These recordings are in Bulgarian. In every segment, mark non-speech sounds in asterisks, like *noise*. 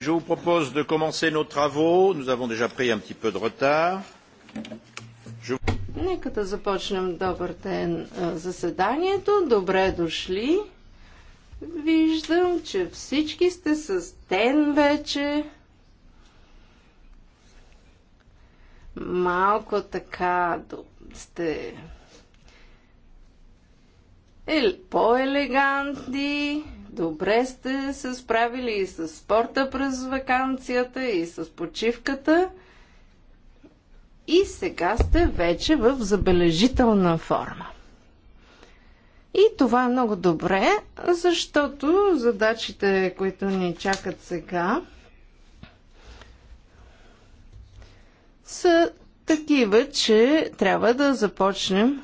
je vous propose de commencer nos travaux. Nous avons déjà pris un petit peu de retard. Je... Нека да започнем добър ден заседанието. Добре дошли. Виждам, че всички сте с ден вече. Малко така сте по-елегантни Добре сте се справили и с спорта през вакансията, и с почивката. И сега сте вече в забележителна форма. И това е много добре, защото задачите, които ни чакат сега, са такива, че трябва да започнем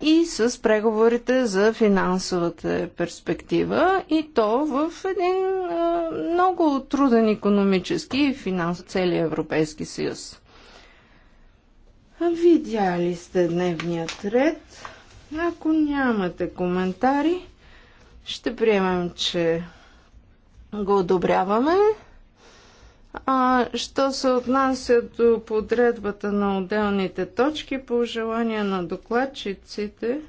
и с преговорите за финансовата перспектива и то в един много труден економически и финансов цели Европейски съюз. Видяли сте дневният ред. Ако нямате коментари, ще приемем, че го одобряваме. А, що се отнася до подредбата на отделните точки, по желание на докладчиците,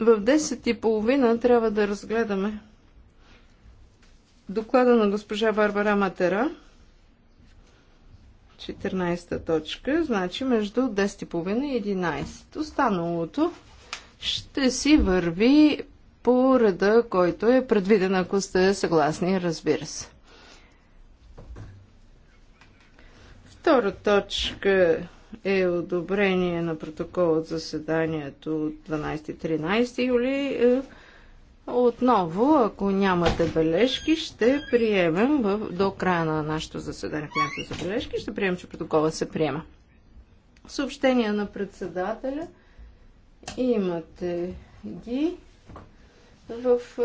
в 10.30 трябва да разгледаме доклада на госпожа Барбара Матера, 14-та точка, значи между 10.30 и 11. Останалото ще си върви по реда, който е предвиден, ако сте съгласни, разбира се. Втора точка е одобрение на протокол от заседанието от 12-13 юли. Е, отново, ако нямате бележки, ще приемем в, до края на нашето заседание, ако нямате бележки, ще приемем, че протокола се приема. Съобщения на председателя имате ги в е,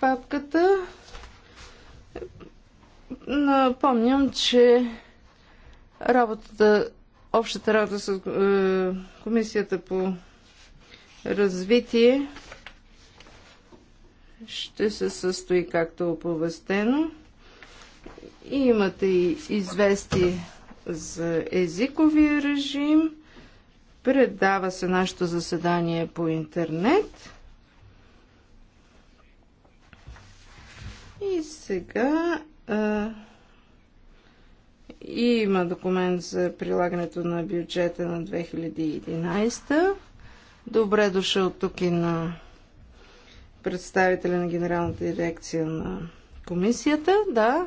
папката. Напомням, че Работата, общата работа с е, Комисията по развитие ще се състои както оповестено. И имате и извести за езиковия режим. Предава се нашето заседание по интернет. И сега а, е, и има документ за прилагането на бюджета на 2011. Добре дошъл тук и на представителя на Генералната дирекция на комисията. Да.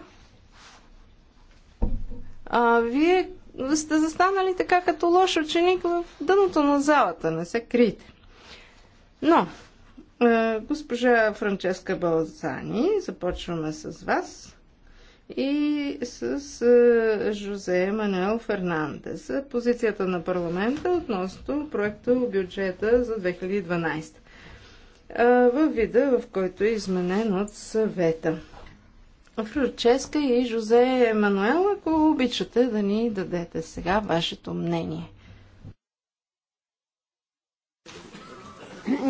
А, вие сте застанали така като лош ученик в дъното на залата. Не се крийте. Но, е, госпожа Франческа Балзани, започваме с вас и с е, Жозе Мануел Фернандес. Позицията на парламента относно проекта бюджета за 2012 е, във вида, в който е изменен от съвета. Франческа и Жозе Мануел, ако обичате да ни дадете сега вашето мнение.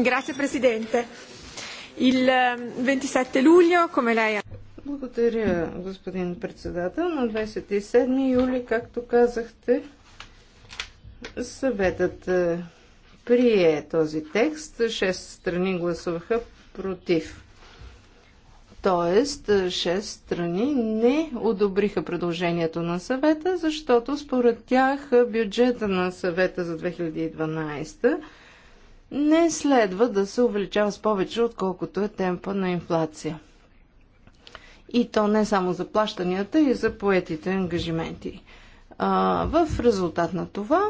Grazie Presidente. Il е, 27 luglio, come lei ha... Благодаря, господин председател. На 27 юли, както казахте, съветът е, прие този текст. Шест страни гласуваха против. Тоест, е, шест страни не одобриха предложението на съвета, защото според тях е, бюджета на съвета за 2012 не следва да се увеличава с повече, отколкото е темпа на инфлация. И то не само за плащанията и за поетите ангажименти. А, в резултат на това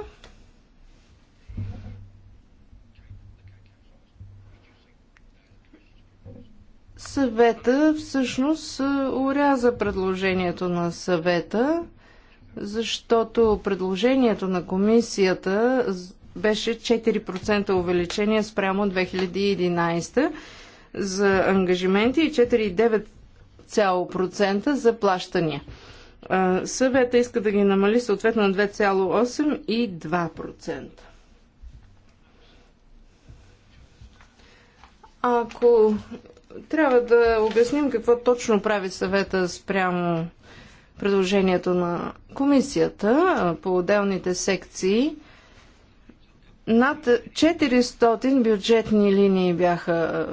съвета всъщност уряза предложението на съвета, защото предложението на комисията беше 4% увеличение спрямо 2011 за ангажименти и 2,5% за плащания. Съвета иска да ги намали съответно на 2,8 и 2%. Ако трябва да обясним какво точно прави съвета спрямо предложението на комисията по отделните секции, над 400 бюджетни линии бяха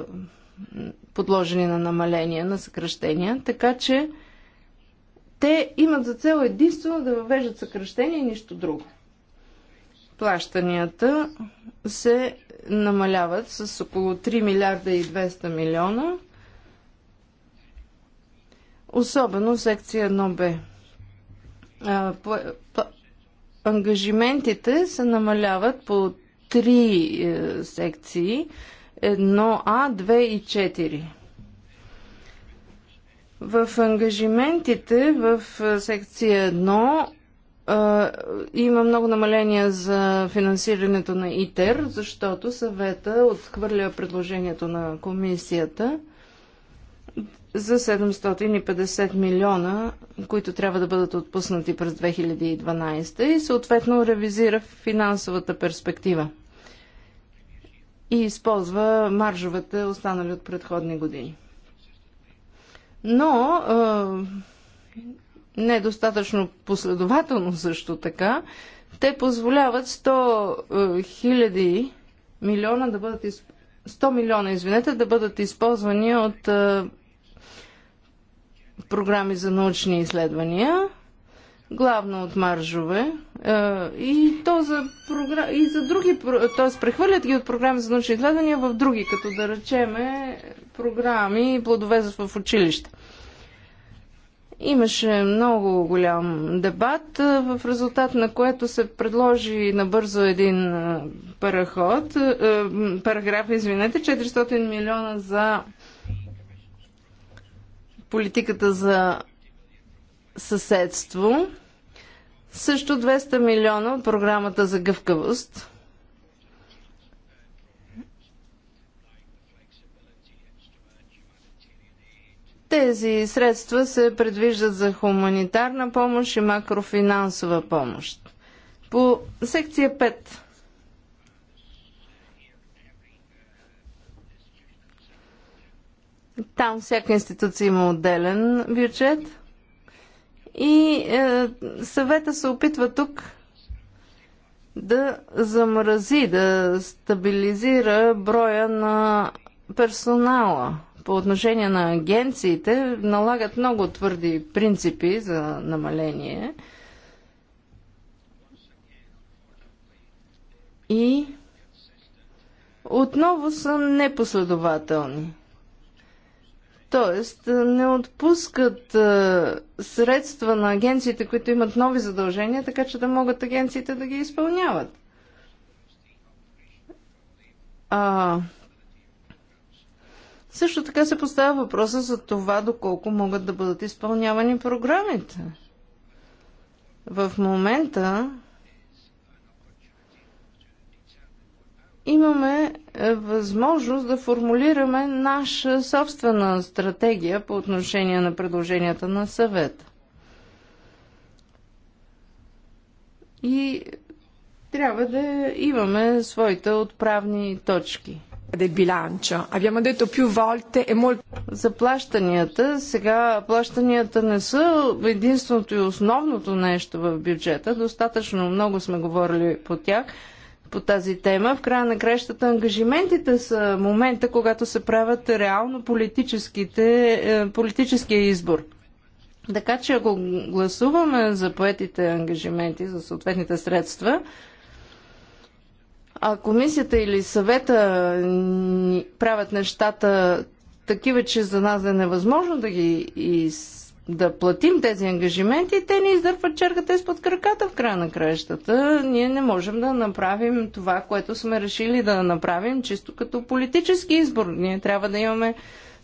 подложени на намаления, на съкръщения, така че те имат за цел единствено да въвеждат съкръщения и нищо друго. Плащанията се намаляват с около 3 милиарда и 200 милиона, особено секция 1Б. Ангажиментите се намаляват по три е, секции 1А, 2 и 4. В ангажиментите в секция 1 има много намаления за финансирането на ИТЕР, защото съвета отхвърля предложението на комисията за 750 милиона, които трябва да бъдат отпуснати през 2012 и съответно ревизира финансовата перспектива и използва маржовете, останали от предходни години. Но е, недостатъчно последователно също така, те позволяват 100 хиляди милиона да бъдат 100 милиона, извинете, да бъдат използвани от е, програми за научни изследвания главно от маржове и то за, програ... и за други, т.е. прехвърлят ги от програми за научни изследвания в други, като да речеме програми и плодове в училище. Имаше много голям дебат, в резултат на което се предложи набързо един параход, параграф, извинете, 400 милиона за политиката за съседство. Също 200 милиона от програмата за гъвкавост. Тези средства се предвиждат за хуманитарна помощ и макрофинансова помощ. По секция 5. Там всяка институция има отделен бюджет – и е, съвета се опитва тук да замрази, да стабилизира броя на персонала. По отношение на агенциите налагат много твърди принципи за намаление. И отново са непоследователни. Тоест, не отпускат средства на агенциите, които имат нови задължения, така че да могат агенциите да ги изпълняват. А, също така се поставя въпроса за това доколко могат да бъдат изпълнявани програмите. В момента имаме е, възможност да формулираме наша собствена стратегия по отношение на предложенията на съвета. И трябва да имаме своите отправни точки. E За плащанията, сега плащанията не са единственото и основното нещо в бюджета. Достатъчно много сме говорили по тях – по тази тема. В края на кращата ангажиментите са момента, когато се правят реално политическите, е, политическия избор. Така че ако гласуваме за поетите ангажименти, за съответните средства, а комисията или съвета правят нещата такива, че за нас е невъзможно да ги из да платим тези ангажименти, те ни издърпват чергата изпод краката в края на краищата. Ние не можем да направим това, което сме решили да направим, чисто като политически избор. Ние трябва да имаме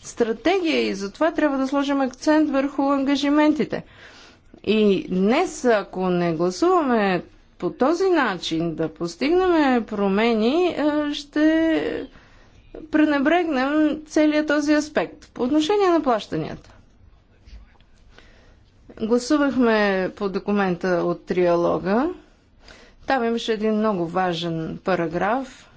стратегия и затова трябва да сложим акцент върху ангажиментите. И днес, ако не гласуваме по този начин да постигнем промени, е, ще пренебрегнем целият този аспект. По отношение на плащанията. Гласувахме по документа от триалога. Там имаше един много важен параграф.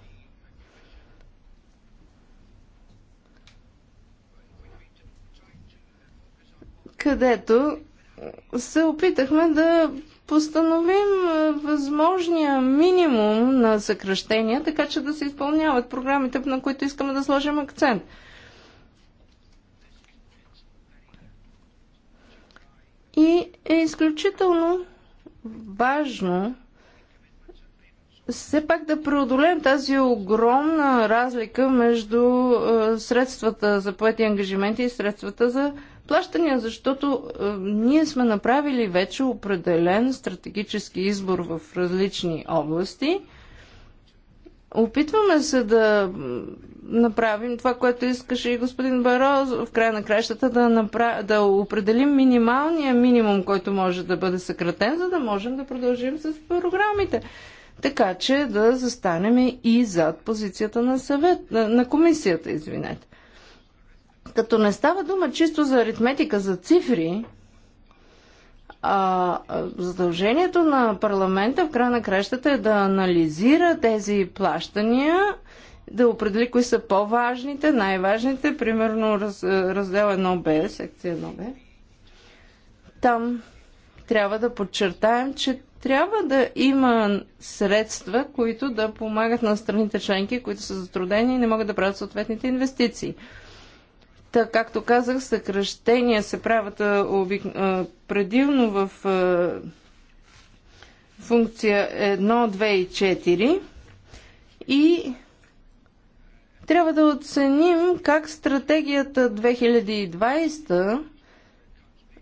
където се опитахме да постановим възможния минимум на съкръщения, така че да се изпълняват програмите, на които искаме да сложим акцент. И е изключително важно все пак да преодолеем тази огромна разлика между е, средствата за поети ангажименти и средствата за плащания, защото е, ние сме направили вече определен стратегически избор в различни области – Опитваме се да направим това, което искаше и господин Баро в края на кращата да, напра... да определим минималния минимум, който може да бъде съкратен, за да можем да продължим с програмите. Така че да застанем и зад позицията на съвет, на комисията, извинете. Като не става дума чисто за аритметика, за цифри, а, задължението на парламента в края на кращата е да анализира тези плащания, да определи кои са по-важните, най-важните, примерно раз, раздел 1б, секция 1б. Там трябва да подчертаем, че трябва да има средства, които да помагат на страните членки, които са затрудени и не могат да правят съответните инвестиции. Та, както казах, съкръщения се правят обик... в функция 1, 2 и 4 и трябва да оценим как стратегията 2020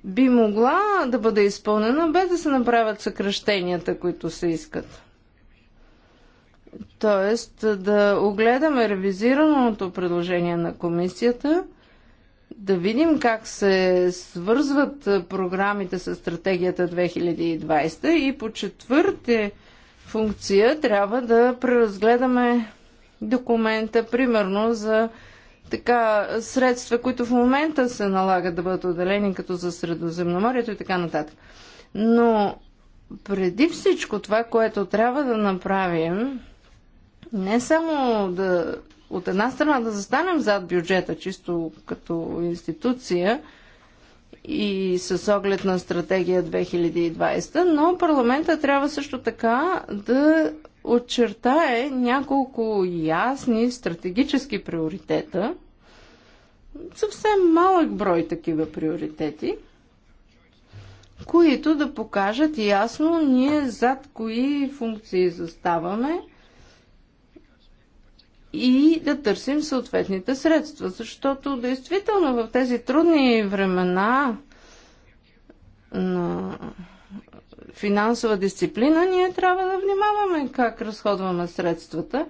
би могла да бъде изпълнена без да се направят съкръщенията, които се искат. Тоест да огледаме ревизираното предложение на комисията да видим как се свързват програмите с стратегията 2020 и по четвърте функция трябва да преразгледаме документа, примерно за така средства, които в момента се налагат да бъдат отделени като за Средоземноморието и така нататък. Но преди всичко това, което трябва да направим, не само да от една страна да застанем зад бюджета, чисто като институция и с оглед на стратегия 2020, но парламента трябва също така да отчертае няколко ясни стратегически приоритета, съвсем малък брой такива приоритети, които да покажат ясно ние зад кои функции заставаме – и да търсим съответните средства, защото действително в тези трудни времена на финансова дисциплина ние трябва да внимаваме как разходваме средствата,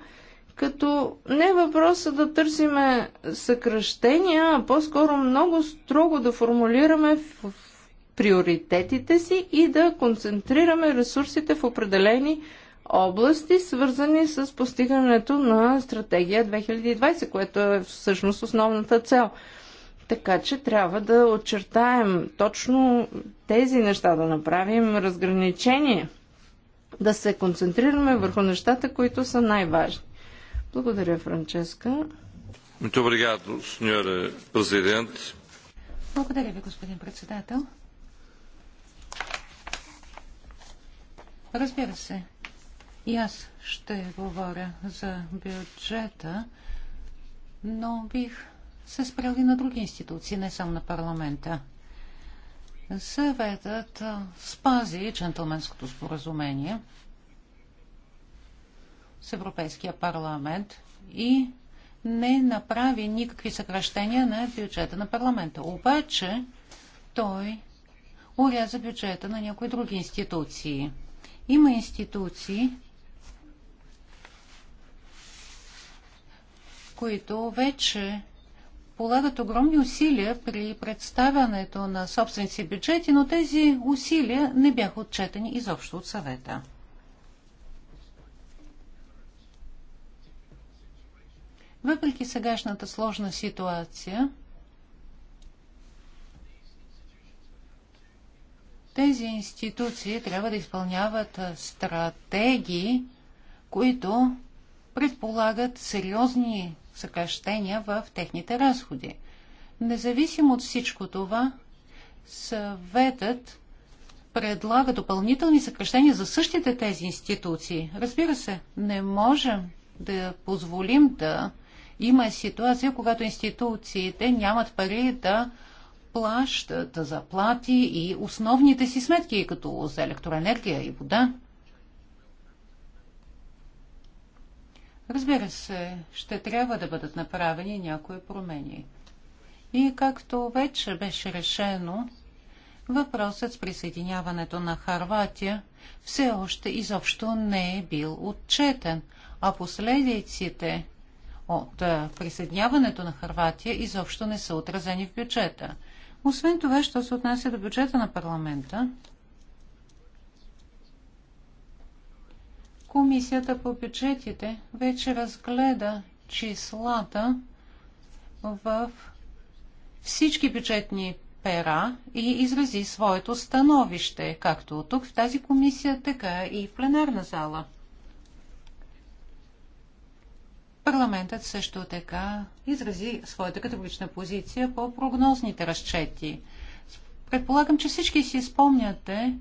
като не е въпроса да търсиме съкръщения, а по-скоро много строго да формулираме в приоритетите си и да концентрираме ресурсите в определени области, свързани с постигането на стратегия 2020, което е всъщност основната цел. Така че трябва да очертаем точно тези неща, да направим разграничение, да се концентрираме върху нещата, които са най-важни. Благодаря, Франческа. Благодаря ви, господин председател. Разбира се, и аз ще говоря за бюджета, но бих се спрял и на други институции, не само на парламента. Съветът спази джентлменското споразумение с Европейския парламент и не направи никакви съкращения на бюджета на парламента. Обаче той уряза бюджета на някои други институции. Има институции, които вече полагат огромни усилия при представянето на собствените си бюджети, но тези усилия не бяха отчетени изобщо от съвета. Въпреки сегашната сложна ситуация, тези институции трябва да изпълняват стратегии, които предполагат сериозни съкръщения в техните разходи. Независимо от всичко това, съветът предлага допълнителни съкръщения за същите тези институции. Разбира се, не можем да позволим да има ситуация, когато институциите нямат пари да плащат заплати и основните си сметки, като за електроенергия и вода. Разбира се, ще трябва да бъдат направени някои промени. И както вече беше решено, въпросът с присъединяването на Харватия все още изобщо не е бил отчетен, а последиците от присъединяването на Харватия изобщо не са отразени в бюджета. Освен това, що се отнася до бюджета на парламента, Комисията по бюджетите вече разгледа числата в всички бюджетни пера и изрази своето становище, както тук в тази комисия, така и в пленарна зала. Парламентът също така изрази своята категорична позиция по прогнозните разчети. Предполагам, че всички си спомняте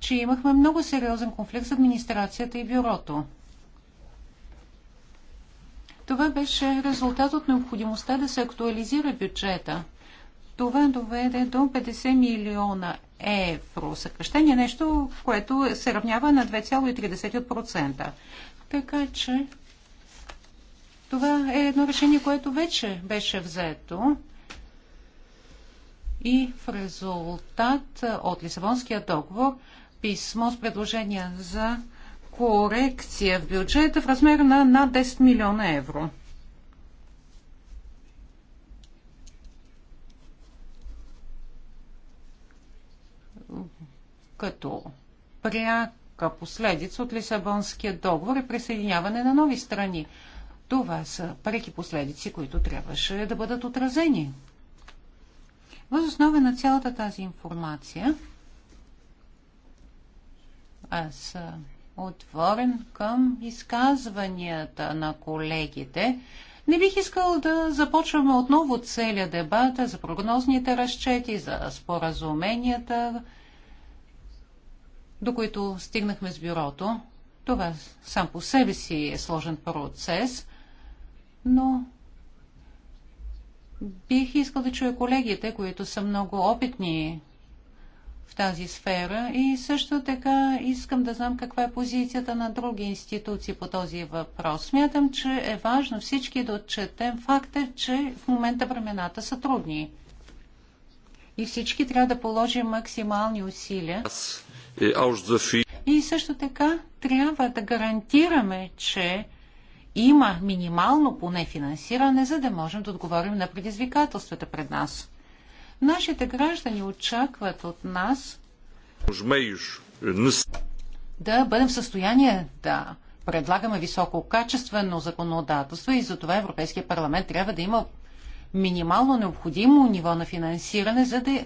че имахме много сериозен конфликт с администрацията и бюрото. Това беше резултат от необходимостта да се актуализира бюджета. Това доведе до 50 милиона евро съкръщение, нещо, в което се равнява на 2,3%. Така че това е едно решение, което вече беше взето и в резултат от Лисабонския договор писмо с предложения за корекция в бюджета в размер на над 10 милиона евро. Като пряка последица от Лисабонския договор и присъединяване на нови страни. Това са преки последици, които трябваше да бъдат отразени. Въз основа на цялата тази информация, аз съм отворен към изказванията на колегите. Не бих искал да започваме отново целия дебат за прогнозните разчети, за споразуменията, до които стигнахме с бюрото. Това сам по себе си е сложен процес, но бих искал да чуя колегите, които са много опитни в тази сфера и също така искам да знам каква е позицията на други институции по този въпрос. Смятам, че е важно всички да отчетем факта, че в момента времената са трудни. И всички трябва да положим максимални усилия. Е, и също така трябва да гарантираме, че има минимално поне финансиране, за да можем да отговорим на предизвикателствата пред нас. Нашите граждани очакват от нас eh, да бъдем в състояние да предлагаме висококачествено законодателство и затова Европейския парламент трябва да има минимално необходимо ниво на финансиране, за да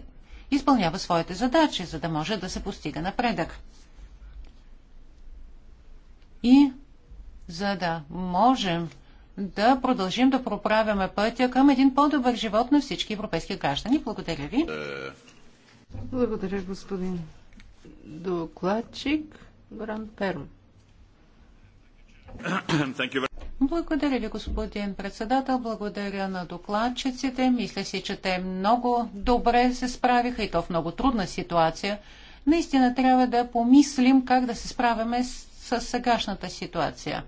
изпълнява своите задачи, за да може да се постига напредък. И за да можем да продължим да проправяме пътя към един по-добър живот на всички европейски граждани. Благодаря ви. Благодаря, господин докладчик Гран Перм. Благодаря ви, господин председател. Благодаря на докладчиците. Мисля си, че те много добре се справиха и то в много трудна ситуация. Наистина трябва да помислим как да се справяме с, с сегашната ситуация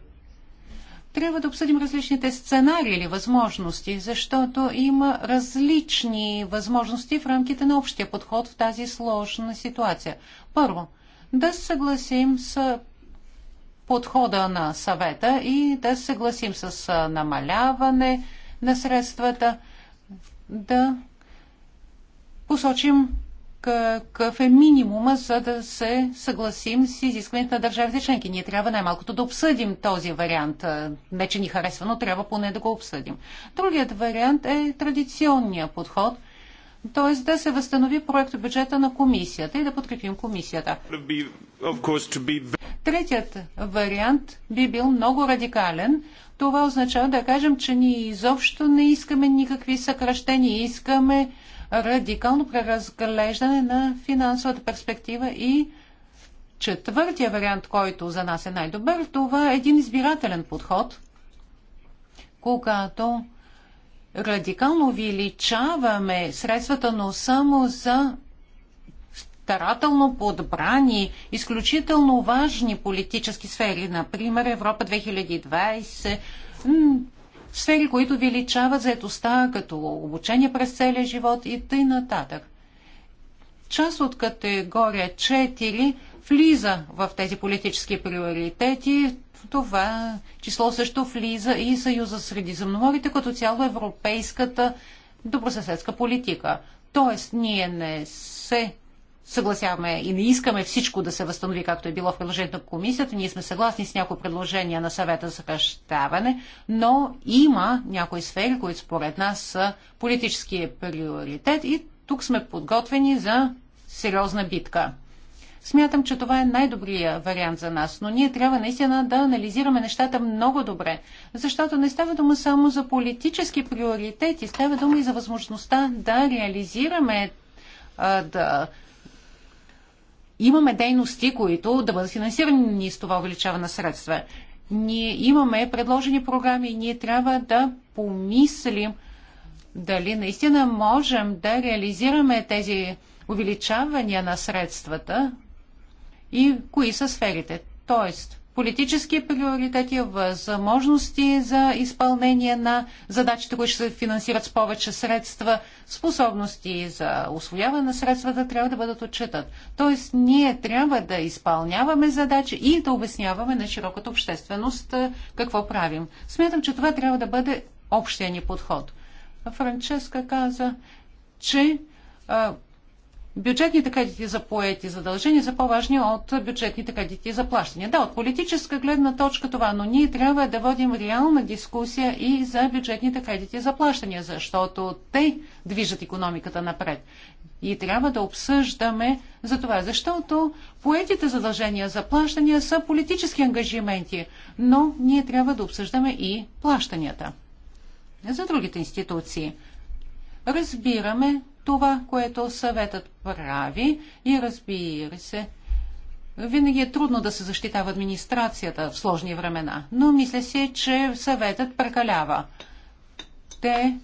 трябва да обсъдим различните сценарии или възможности, защото има различни възможности в рамките на общия подход в тази сложна ситуация. Първо, да се съгласим с подхода на съвета и да се съгласим с намаляване на средствата, да посочим какъв е минимума, за да се съгласим с изискването на държавите членки. Ние трябва най-малкото да обсъдим този вариант. Не, че ни харесва, но трябва поне да го обсъдим. Другият вариант е традиционния подход, т.е. да се възстанови проект бюджета на комисията и да подкрепим комисията. Третият вариант би бил много радикален. Това означава да кажем, че ние изобщо не искаме никакви съкръщения, искаме радикално преразглеждане на финансовата перспектива и четвъртия вариант, който за нас е най-добър, това е един избирателен подход, когато радикално увеличаваме средствата, но само за старателно подбрани изключително важни политически сфери, например Европа 2020, сфери, които увеличават заетостта, като обучение през целия живот и тъй нататък. Част от категория 4 влиза в тези политически приоритети. Това число също влиза и Съюза среди земноморите, като цяло европейската добросъседска политика. Тоест, ние не се съгласяваме и не искаме всичко да се възстанови, както е било в предложението на комисията. Ние сме съгласни с някои предложения на съвета за съкръщаване, но има някои сфери, които според нас са политически приоритет и тук сме подготвени за сериозна битка. Смятам, че това е най-добрият вариант за нас, но ние трябва наистина да анализираме нещата много добре, защото не става дума само за политически приоритети, става дума и за възможността да реализираме да имаме дейности, които да бъдат финансирани с това увеличаване на средства. Ние имаме предложени програми и ние трябва да помислим дали наистина можем да реализираме тези увеличавания на средствата и кои са сферите. Тоест, политически приоритети, възможности за изпълнение на задачите, които ще се финансират с повече средства, способности за освояване на средствата трябва да бъдат отчитат. Тоест, ние трябва да изпълняваме задачи и да обясняваме на широката общественост какво правим. Смятам, че това трябва да бъде общия ни подход. Франческа каза, че бюджетните кредити за поети задължения са по-важни от бюджетните кредити за плащания. Да, от политическа гледна точка това, но ние трябва да водим реална дискусия и за бюджетните кредити за плащания, защото те движат економиката напред. И трябва да обсъждаме за това, защото поетите задължения за плащания са политически ангажименти, но ние трябва да обсъждаме и плащанията за другите институции. Разбираме това, което съветът прави и разбира се, винаги е трудно да се защитава администрацията в сложни времена, но мисля си, че съветът прекалява. Те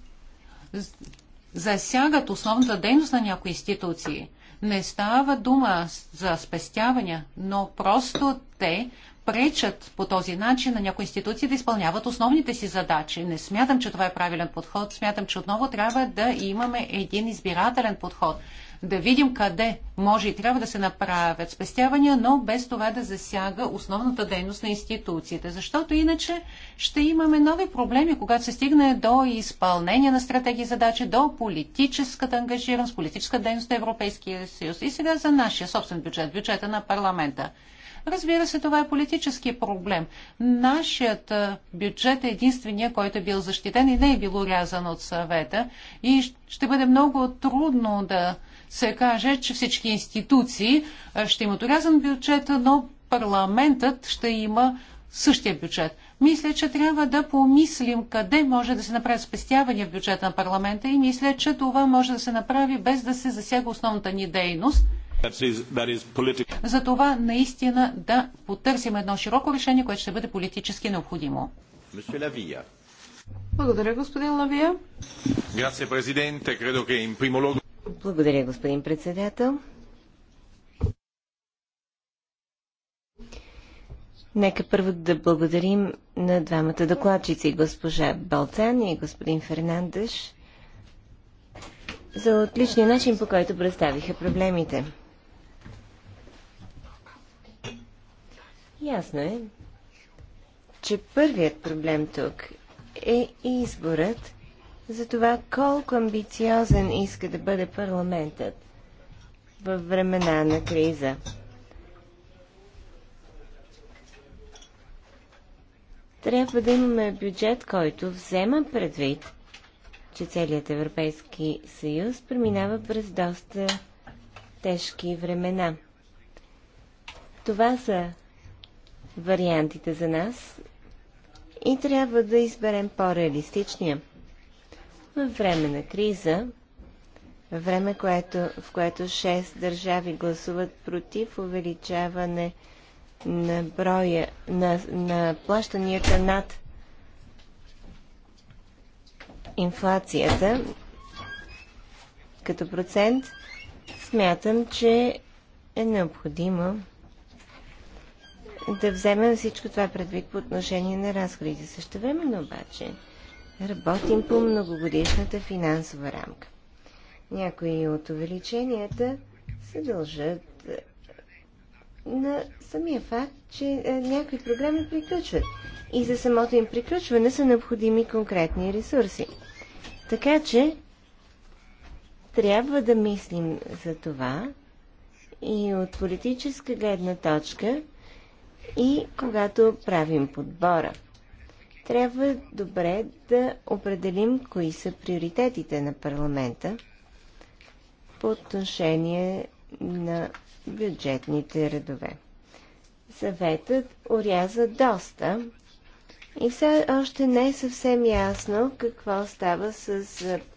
засягат основната дейност на някои институции. Не става дума за спестявания, но просто те пречат по този начин на някои институции да изпълняват основните си задачи. Не смятам, че това е правилен подход. Смятам, че отново трябва да имаме един избирателен подход. Да видим къде може и трябва да се направят спестявания, но без това да засяга основната дейност на институциите. Защото иначе ще имаме нови проблеми, когато се стигне до изпълнение на стратегии задачи, до политическата ангажираност, политическа дейност на Европейския съюз. И сега за нашия собствен бюджет, бюджета на парламента. Разбира се, това е политически проблем. Нашият бюджет е единствения, който е бил защитен и не е бил урязан от съвета. И ще бъде много трудно да се каже, че всички институции ще имат урязан бюджет, но парламентът ще има същия бюджет. Мисля, че трябва да помислим къде може да се направят спестявания в бюджета на парламента и мисля, че това може да се направи без да се засяга основната ни дейност – за това наистина да потърсим едно широко решение, което ще бъде политически необходимо. Благодаря, господин Лавия. Благодаря, господин председател. Нека първо да благодарим на двамата докладчици, госпожа Балцан и господин Фернандеш, за отличния начин, по който представиха проблемите. Ясно е, че първият проблем тук е изборът за това колко амбициозен иска да бъде парламентът във времена на криза. Трябва да имаме бюджет, който взема предвид, че целият Европейски съюз преминава през доста тежки времена. Това са вариантите за нас и трябва да изберем по-реалистичния. Във време на криза, във време, което, в което 6 държави гласуват против увеличаване на броя на, на плащанията над инфлацията като процент, смятам, че е необходимо да вземем всичко това предвид по отношение на разходите. Също времено обаче работим по многогодишната финансова рамка. Някои от увеличенията се дължат е, на самия факт, че е, някои програми приключват и за самото им приключване са необходими конкретни ресурси. Така че трябва да мислим за това и от политическа гледна точка и когато правим подбора. Трябва добре да определим кои са приоритетите на парламента по отношение на бюджетните редове. Съветът оряза доста и все още не е съвсем ясно какво става с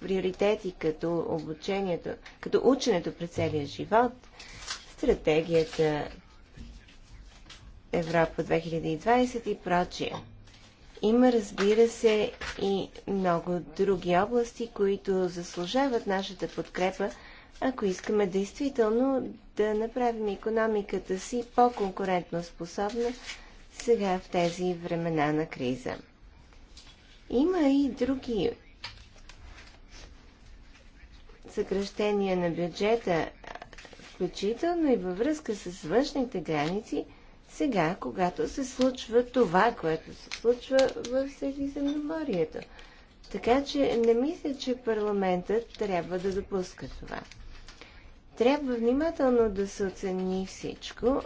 приоритети като обучението, като ученето през целия живот, стратегията Европа 2020 и прочие. Има, разбира се, и много други области, които заслужават нашата подкрепа, ако искаме действително да направим економиката си по-конкурентно способна сега в тези времена на криза. Има и други съкръщения на бюджета, включително и във връзка с външните граници – сега, когато се случва това, което се случва в Средиземноморието. Така че не мисля, че парламентът трябва да допуска това. Трябва внимателно да се оцени всичко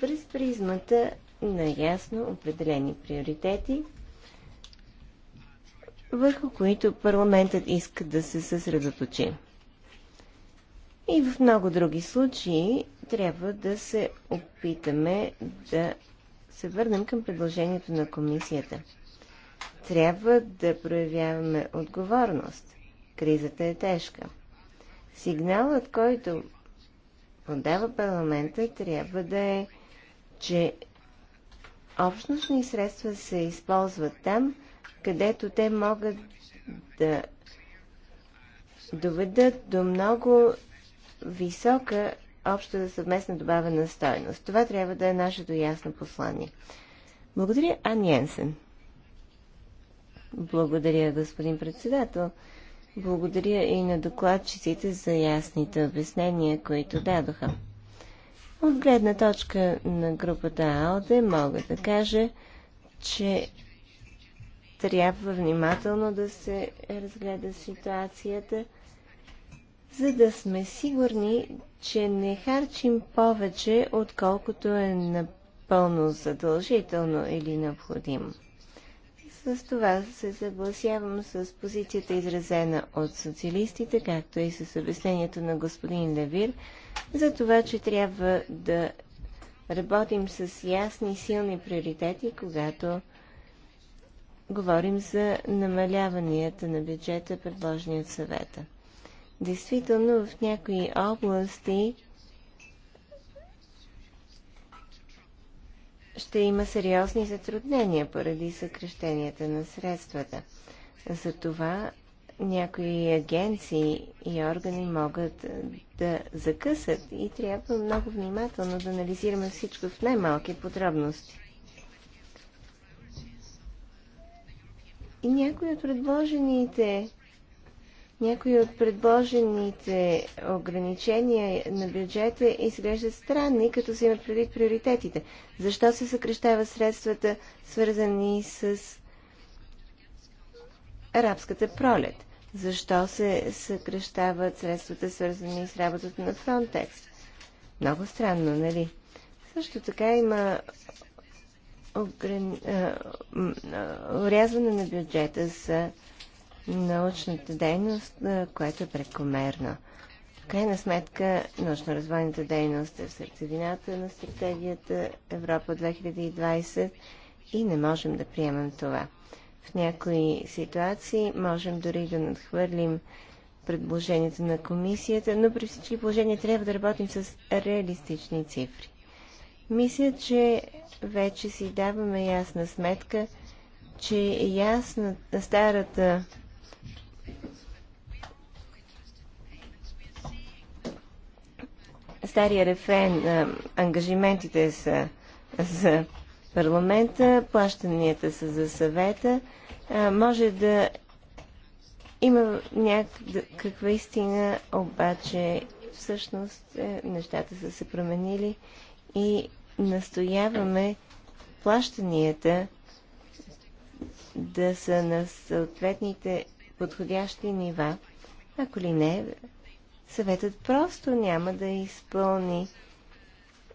през призмата на ясно определени приоритети, върху които парламентът иска да се съсредоточи. И в много други случаи трябва да се опитаме да се върнем към предложението на комисията. Трябва да проявяваме отговорност. Кризата е тежка. Сигналът, който подава парламента, трябва да е, че общностни средства се използват там, където те могат да доведат до много висока обща за съвместна добавена стойност. Това трябва да е нашето ясно послание. Благодаря, Ан Йенсен. Благодаря, господин председател. Благодаря и на докладчиците за ясните обяснения, които дадоха. От гледна точка на групата АОД, мога да кажа, че трябва внимателно да се разгледа ситуацията – за да сме сигурни, че не харчим повече, отколкото е напълно задължително или необходимо. С това се съгласявам с позицията изразена от социалистите, както и с обяснението на господин Левир, за това, че трябва да работим с ясни, и силни приоритети, когато говорим за намаляванията на бюджета, предложени от съвета. Действително в някои области ще има сериозни затруднения поради съкрещенията на средствата. Затова някои агенции и органи могат да закъсат и трябва много внимателно да анализираме всичко в най-малки подробности. И някои от предложените някои от предложените ограничения на бюджета изглеждат странни, като се имат предвид приоритетите. Защо се съкрещават средствата, свързани с арабската пролет? Защо се съкрещават средствата, свързани с работата на Frontex? Много странно, нали? Също така има ограни... урязване на бюджета за научната дейност, което е прекомерно. В крайна сметка, научно-развойната дейност е в сърцевината на стратегията Европа 2020 и не можем да приемем това. В някои ситуации можем дори да надхвърлим предложението на комисията, но при всички положения трябва да работим с реалистични цифри. Мисля, че вече си даваме ясна сметка, че ясна старата Стария рефрен ангажиментите са за парламента, плащанията са за съвета. Може да има някаква истина, обаче всъщност е, нещата са се променили и настояваме плащанията да са на съответните подходящи нива. Ако ли не, съветът просто няма да изпълни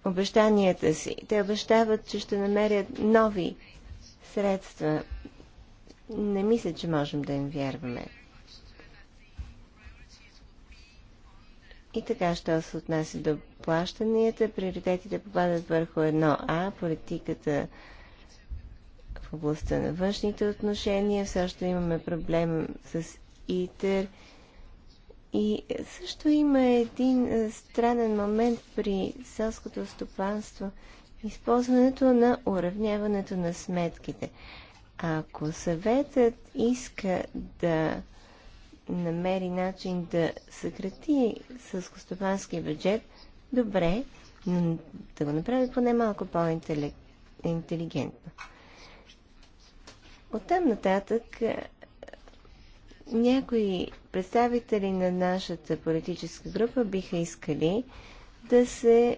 обещанията си. Те обещават, че ще намерят нови средства. Не мисля, че можем да им вярваме. И така, що се отнася до плащанията, приоритетите попадат върху едно А, политиката в областта на външните отношения. също имаме проблем с ИТЕР. И също има един е, странен момент при селското стопанство използването на уравняването на сметките. Ако съветът иска да намери начин да съкрати сълскостопанския бюджет, добре, но да го направи поне малко по-интелигентно. Оттам нататък е, някои представители на нашата политическа група биха искали да се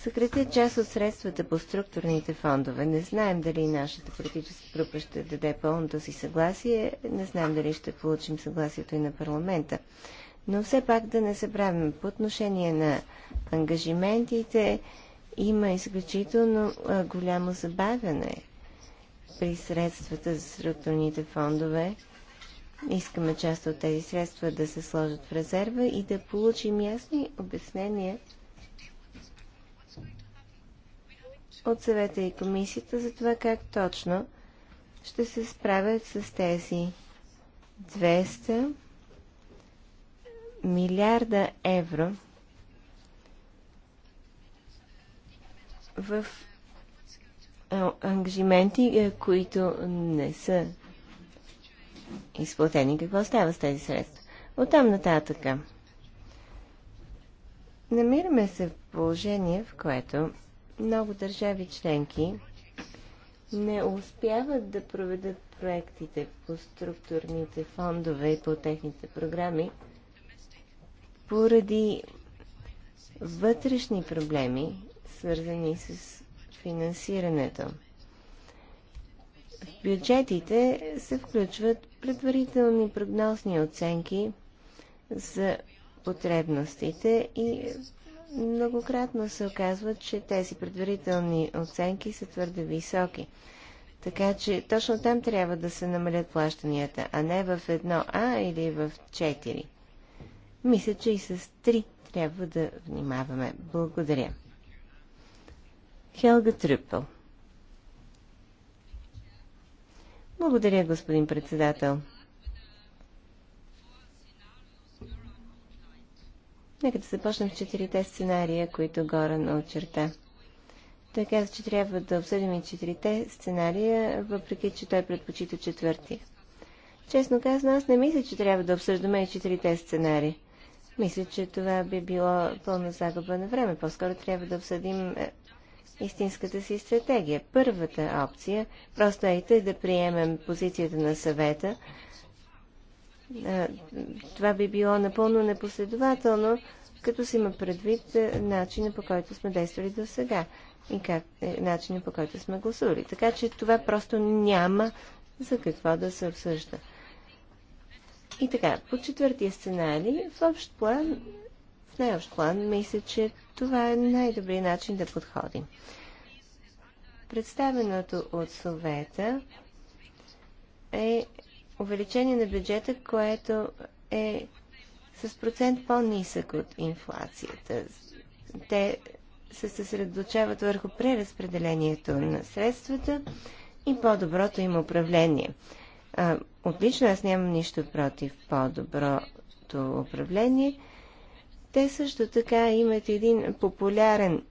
съкратят част от средствата по структурните фондове. Не знаем дали нашата политическа група ще даде пълното си съгласие, не знаем дали ще получим съгласието и на парламента. Но все пак да не се правим по отношение на ангажиментите, има изключително голямо забавяне при средствата за структурните фондове. Искаме част от тези средства да се сложат в резерва и да получим ясни обяснения от съвета и комисията за това как точно ще се справят с тези 200 милиарда евро, в е, ангажименти, е, които не са изплатени. Какво става с тези средства? Оттам нататъка. Намираме се в положение, в което много държави членки не успяват да проведат проектите по структурните фондове и по техните програми поради вътрешни проблеми свързани с финансирането. В бюджетите се включват предварителни прогнозни оценки за потребностите и многократно се оказва, че тези предварителни оценки са твърде високи. Така че точно там трябва да се намалят плащанията, а не в 1А или в 4. Мисля, че и с 3 трябва да внимаваме. Благодаря. Хелга Трюпел. Благодаря, господин председател. Нека да започнем с четирите сценария, които горе на очерта. Той каза, че трябва да обсъдим и четирите сценария, въпреки че той предпочита четвъртия. Честно казано, аз не мисля, че трябва да обсъждаме и четирите сценарии. Мисля, че това би било пълна загуба на време. По-скоро трябва да обсъдим е, истинската си стратегия. Първата опция просто е тъй да приемем позицията на съвета. Това би било напълно непоследователно, като си има предвид начина по който сме действали до сега и как, е, начина по който сме гласували. Така че това просто няма за какво да се обсъжда. И така, по четвъртия сценарий, в общ план в най-общ план мисля, че това е най-добрият начин да подходим. Представеното от съвета е увеличение на бюджета, което е с процент по-нисък от инфлацията. Те се съсредоточават върху преразпределението на средствата и по-доброто им управление. А, отлично, аз нямам нищо против по-доброто управление, те също така имат един популярен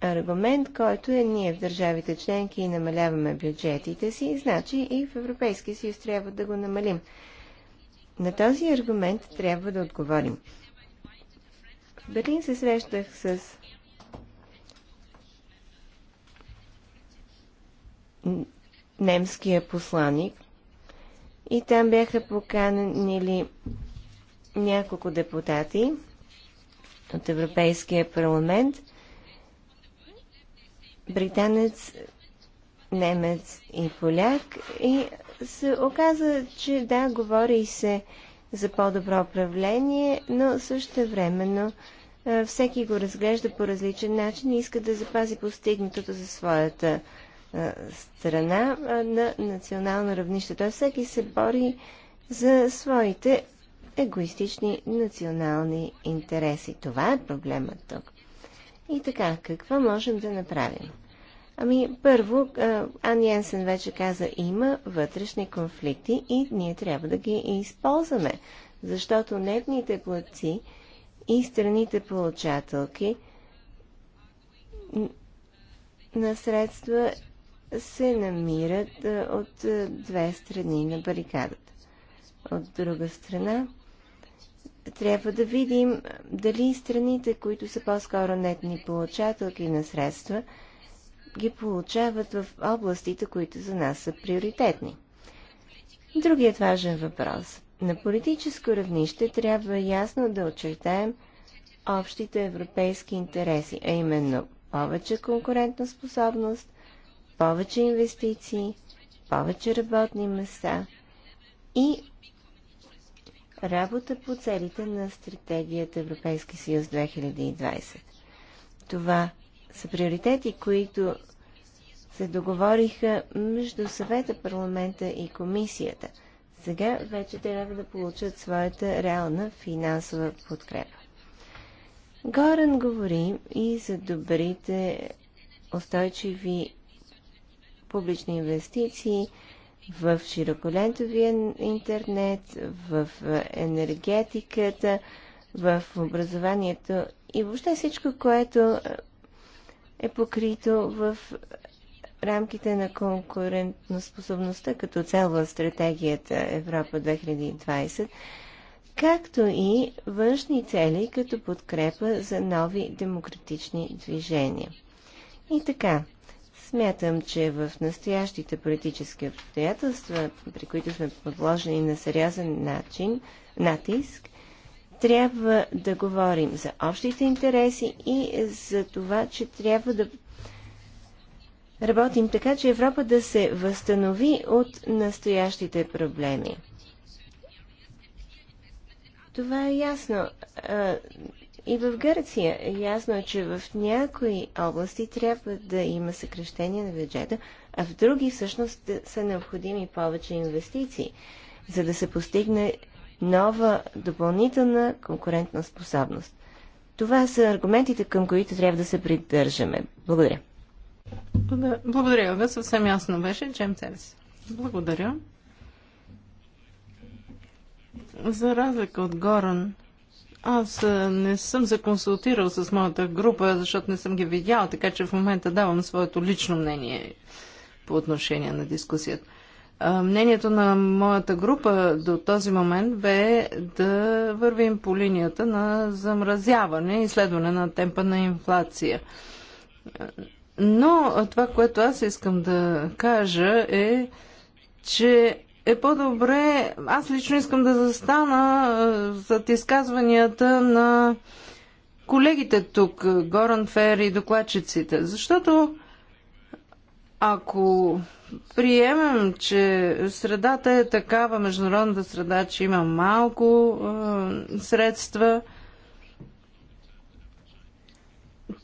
аргумент, който е ние в държавите членки намаляваме бюджетите си, значи и в Европейския съюз трябва да го намалим. На този аргумент трябва да отговорим. В Берлин се срещах с немския посланник и там бяха поканили няколко депутати – от Европейския парламент, британец, немец и поляк и се оказа, че да, говори се за по-добро управление, но също времено всеки го разглежда по различен начин и иска да запази постигнатото за своята страна на национално равнище. Той всеки се бори за своите егоистични национални интереси. Това е проблема тук. И така, какво можем да направим? Ами, първо, Ан Йенсен вече каза, има вътрешни конфликти и ние трябва да ги използваме, защото нетните платци и страните получателки на средства се намират от две страни на барикадата. От друга страна, трябва да видим дали страните, които са по-скоро нетни получателки на средства, ги получават в областите, които за нас са приоритетни. Другият важен въпрос. На политическо равнище трябва ясно да очертаем общите европейски интереси, а именно повече конкурентоспособност, повече инвестиции, повече работни места и работа по целите на стратегията Европейски съюз 2020. Това са приоритети, които се договориха между съвета, парламента и комисията. Сега вече трябва да получат своята реална финансова подкрепа. Горан говори и за добрите устойчиви публични инвестиции – в широколентовия интернет, в енергетиката, в образованието и въобще всичко, което е покрито в рамките на конкурентоспособността като цел в стратегията Европа 2020, както и външни цели като подкрепа за нови демократични движения. И така, Смятам, че в настоящите политически обстоятелства, при които сме подложени на сериозен начин, натиск, трябва да говорим за общите интереси и за това, че трябва да работим така, че Европа да се възстанови от настоящите проблеми. Това е ясно. И в Гърция ясно е, че в някои области трябва да има съкрещение на бюджета, а в други всъщност са необходими повече инвестиции, за да се постигне нова допълнителна конкурентна способност. Това са аргументите, към които трябва да се придържаме. Благодаря. Благодаря, Ова. Съвсем ясно беше, Джем Церес. Благодаря. За разлика от Горан, аз е, не съм се консултирал с моята група, защото не съм ги видял, така че в момента давам своето лично мнение по отношение на дискусията. Мнението на моята група до този момент бе да вървим по линията на замразяване и следване на темпа на инфлация. Но това, което аз искам да кажа е, че е по-добре. Аз лично искам да застана е, зад изказванията на колегите тук, Горан Фер и докладчиците, защото ако приемем, че средата е такава, международната среда, че има малко е, средства,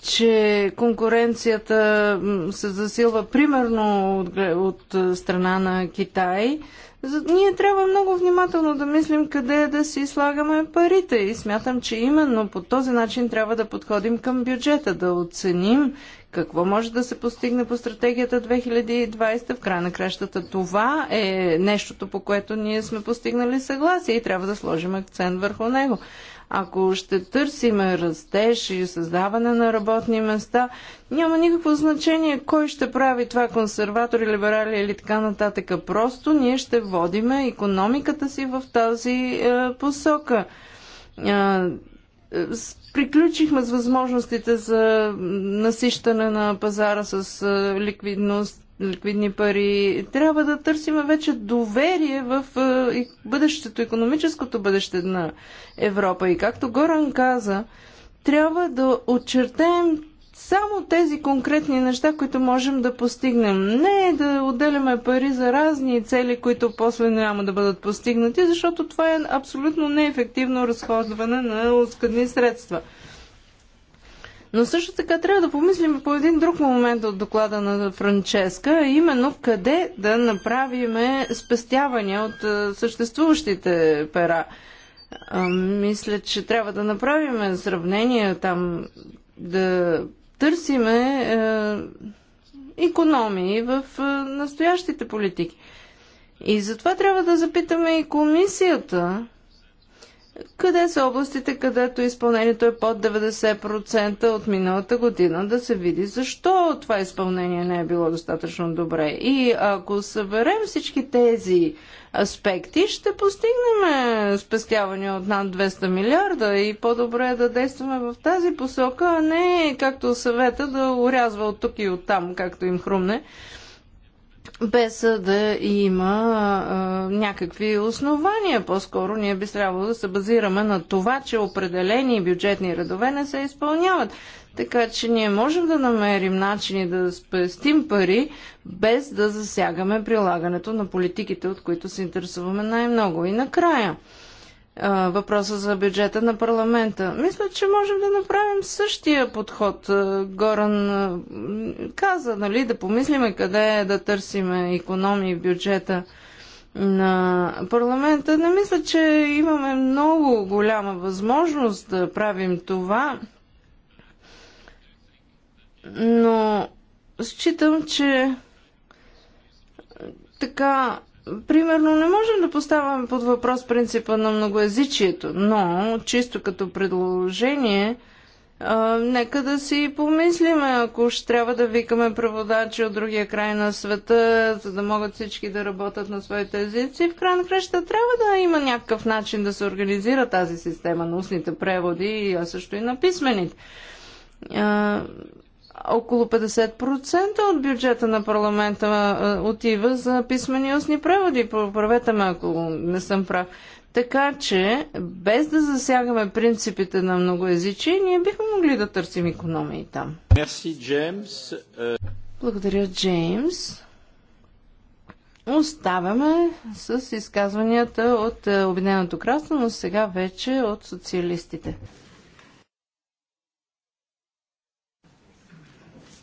че конкуренцията се засилва примерно от, от е, страна на Китай, е, за... Ние трябва много внимателно да мислим къде да си слагаме парите и смятам, че именно по този начин трябва да подходим към бюджета, да оценим какво може да се постигне по стратегията 2020. В край на кращата това е нещото, по което ние сме постигнали съгласие и трябва да сложим акцент върху него. Ако ще търсиме растеж и създаване на работни места, няма никакво значение кой ще прави това, консерватори, либерали или така нататък. Просто ние ще водиме економиката си в тази е, посока. Е, е, приключихме с възможностите за насищане на пазара с е, ликвидност ликвидни пари. Трябва да търсим вече доверие в е, бъдещето, економическото бъдеще на Европа. И както Горан каза, трябва да отчертаем само тези конкретни неща, които можем да постигнем. Не да отделяме пари за разни цели, които после няма да бъдат постигнати, защото това е абсолютно неефективно разходване на оскъдни средства. Но също така трябва да помислим по един друг момент от доклада на Франческа, а именно къде да направиме спестявания от съществуващите пера. А, мисля, че трябва да направим сравнение там, да търсиме е, економии в е, настоящите политики. И затова трябва да запитаме и комисията къде са областите, където изпълнението е под 90% от миналата година, да се види защо това изпълнение не е било достатъчно добре. И ако съберем всички тези аспекти, ще постигнем спестяване от над 200 милиарда и по-добре е да действаме в тази посока, а не както съвета да урязва от тук и от там, както им хрумне без да има а, някакви основания. По-скоро ние би трябвало да се базираме на това, че определени бюджетни редове не се изпълняват. Така че ние можем да намерим начини да спестим пари, без да засягаме прилагането на политиките, от които се интересуваме най-много. И накрая въпроса за бюджета на парламента. Мисля, че можем да направим същия подход. Горан каза, нали, да помислиме къде е да търсиме економии в бюджета на парламента. Не мисля, че имаме много голяма възможност да правим това, но считам, че така Примерно не можем да поставяме под въпрос принципа на многоязичието, но чисто като предложение, а, нека да си помислиме, ако ще трябва да викаме преводачи от другия край на света, за да могат всички да работят на своите езици, в край на краща трябва да има някакъв начин да се организира тази система на устните преводи, а също и на писмените. А, около 50% от бюджета на парламента отива за писмени устни преводи. Поправете ме, ако не съм прав. Така че, без да засягаме принципите на многоязичие, ние бихме могли да търсим економии там. Мерси, Джеймс. Благодаря, Джеймс. Оставаме с изказванията от е, Обединеното кралство, но сега вече от социалистите.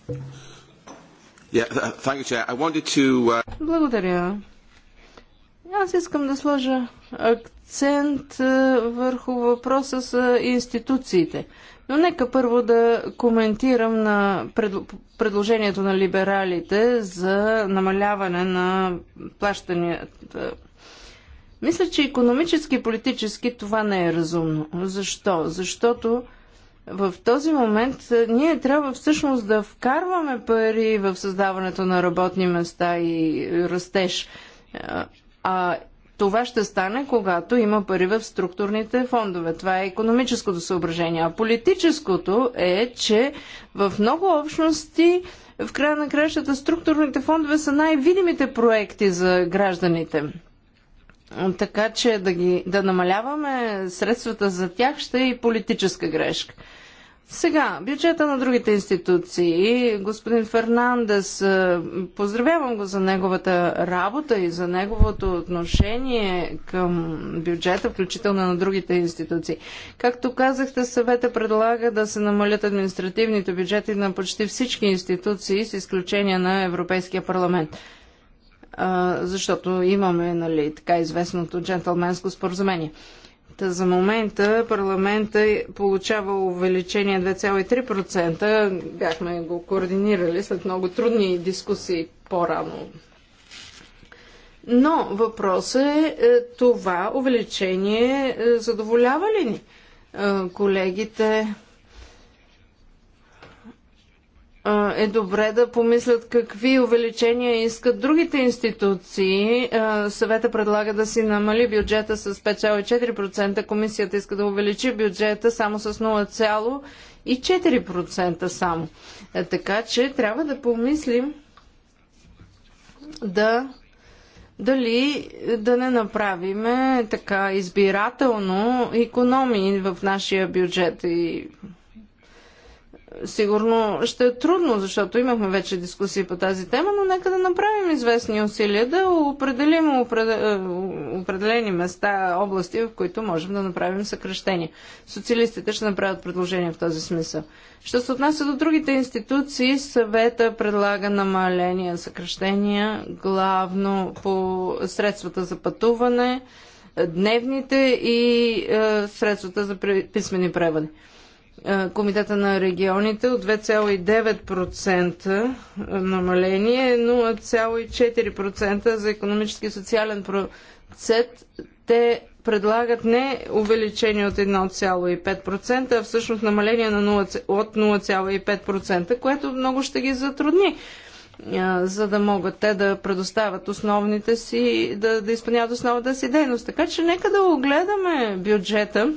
Uh, uh, Благодаря. Аз искам да сложа акцент е, върху въпроса с е, институциите. Но нека първо да коментирам на предложението на либералите за намаляване на плащанията. Е, Мисля, че економически и политически това не е разумно. Защо? Защото в този момент е, ние трябва всъщност да вкарваме пари в създаването на работни места и е, растеж. Е, а това ще стане, когато има пари в структурните фондове. Това е економическото съображение. А политическото е, че в много общности в края на кращата структурните фондове са най-видимите проекти за гражданите. Така че да, ги, да намаляваме средствата за тях ще е и политическа грешка. Сега, бюджета на другите институции. Господин Фернандес, е, поздравявам го за неговата работа и за неговото отношение към бюджета, включително на другите институции. Както казахте, съвета предлага да се намалят административните бюджети на почти всички институции, с изключение на Европейския парламент защото имаме нали, така известното джентлменско споразумение. Та за момента парламента е получава увеличение 2,3%. Бяхме го координирали след много трудни дискусии по-рано. Но въпросът е, е това увеличение е, задоволява ли ни? Колегите е добре да помислят какви увеличения искат другите институции. Съвета предлага да си намали бюджета с 5,4%, комисията иска да увеличи бюджета само с 0,4% само. Е, така че трябва да помислим да дали да не направиме така избирателно економии в нашия бюджет и сигурно ще е трудно, защото имахме вече дискусии по тази тема, но нека да направим известни усилия да определим е, определени места, области, в които можем да направим съкръщения. Социалистите ще направят предложения в този смисъл. Що се отнася до другите институции, съвета предлага намаления, съкръщения, главно по средствата за пътуване, дневните и е, средствата за писмени преводи. Е, Комитета на регионите от 2,9% намаление, 0,4% за економически и социален процент. Те предлагат не увеличение от 1,5%, а всъщност намаление на 0, от 0,5%, което много ще ги затрудни е, за да могат те да предоставят основните си, да, да изпълняват основната си дейност. Така че нека да огледаме бюджета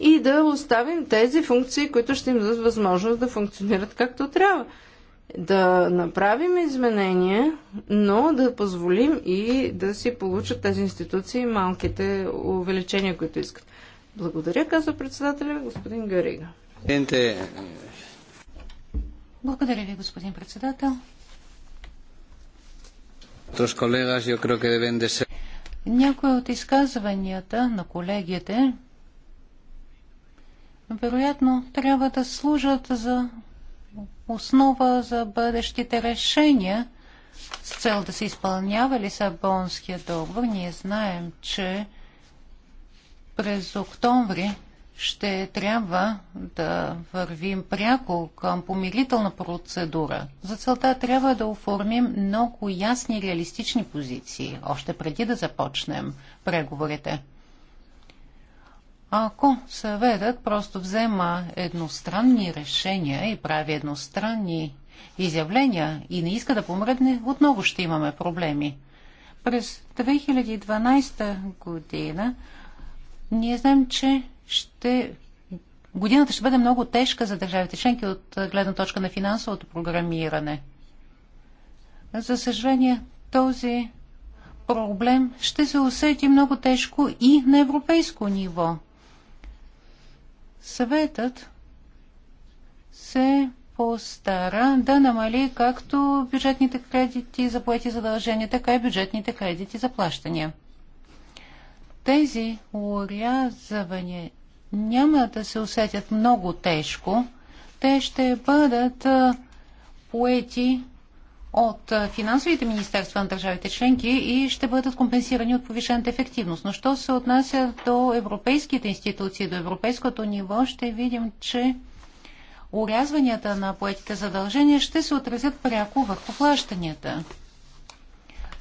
и да оставим тези функции, които ще им дадат възможност да функционират както трябва. Да направим изменения, но да позволим и да си получат тези институции малките увеличения, които искат. Благодаря, казва председателя господин Гарига. Благодаря ви, господин председател. Някои от изказванията на колегите вероятно трябва да служат за основа за бъдещите решения с цел да се изпълнява Лисабонския договор. Ние знаем, че през октомври ще трябва да вървим пряко към помирителна процедура. За целта трябва да оформим много ясни и реалистични позиции, още преди да започнем преговорите. Ако съветът просто взема едностранни решения и прави едностранни изявления и не иска да помръдне, отново ще имаме проблеми. През 2012 година ние знаем, че ще... годината ще бъде много тежка за държавите членки от гледна точка на финансовото програмиране. За съжаление, този проблем ще се усети много тежко и на европейско ниво – Съветът се постара да намали както бюджетните кредити за поети задължения, така и бюджетните кредити за плащания. Тези урязвания няма да се усетят много тежко. Те ще бъдат поети от финансовите министерства на държавите членки и ще бъдат компенсирани от повишената ефективност. Но що се отнася до европейските институции, до европейското ниво, ще видим, че урязванията на поетите задължения ще се отразят пряко върху плащанията.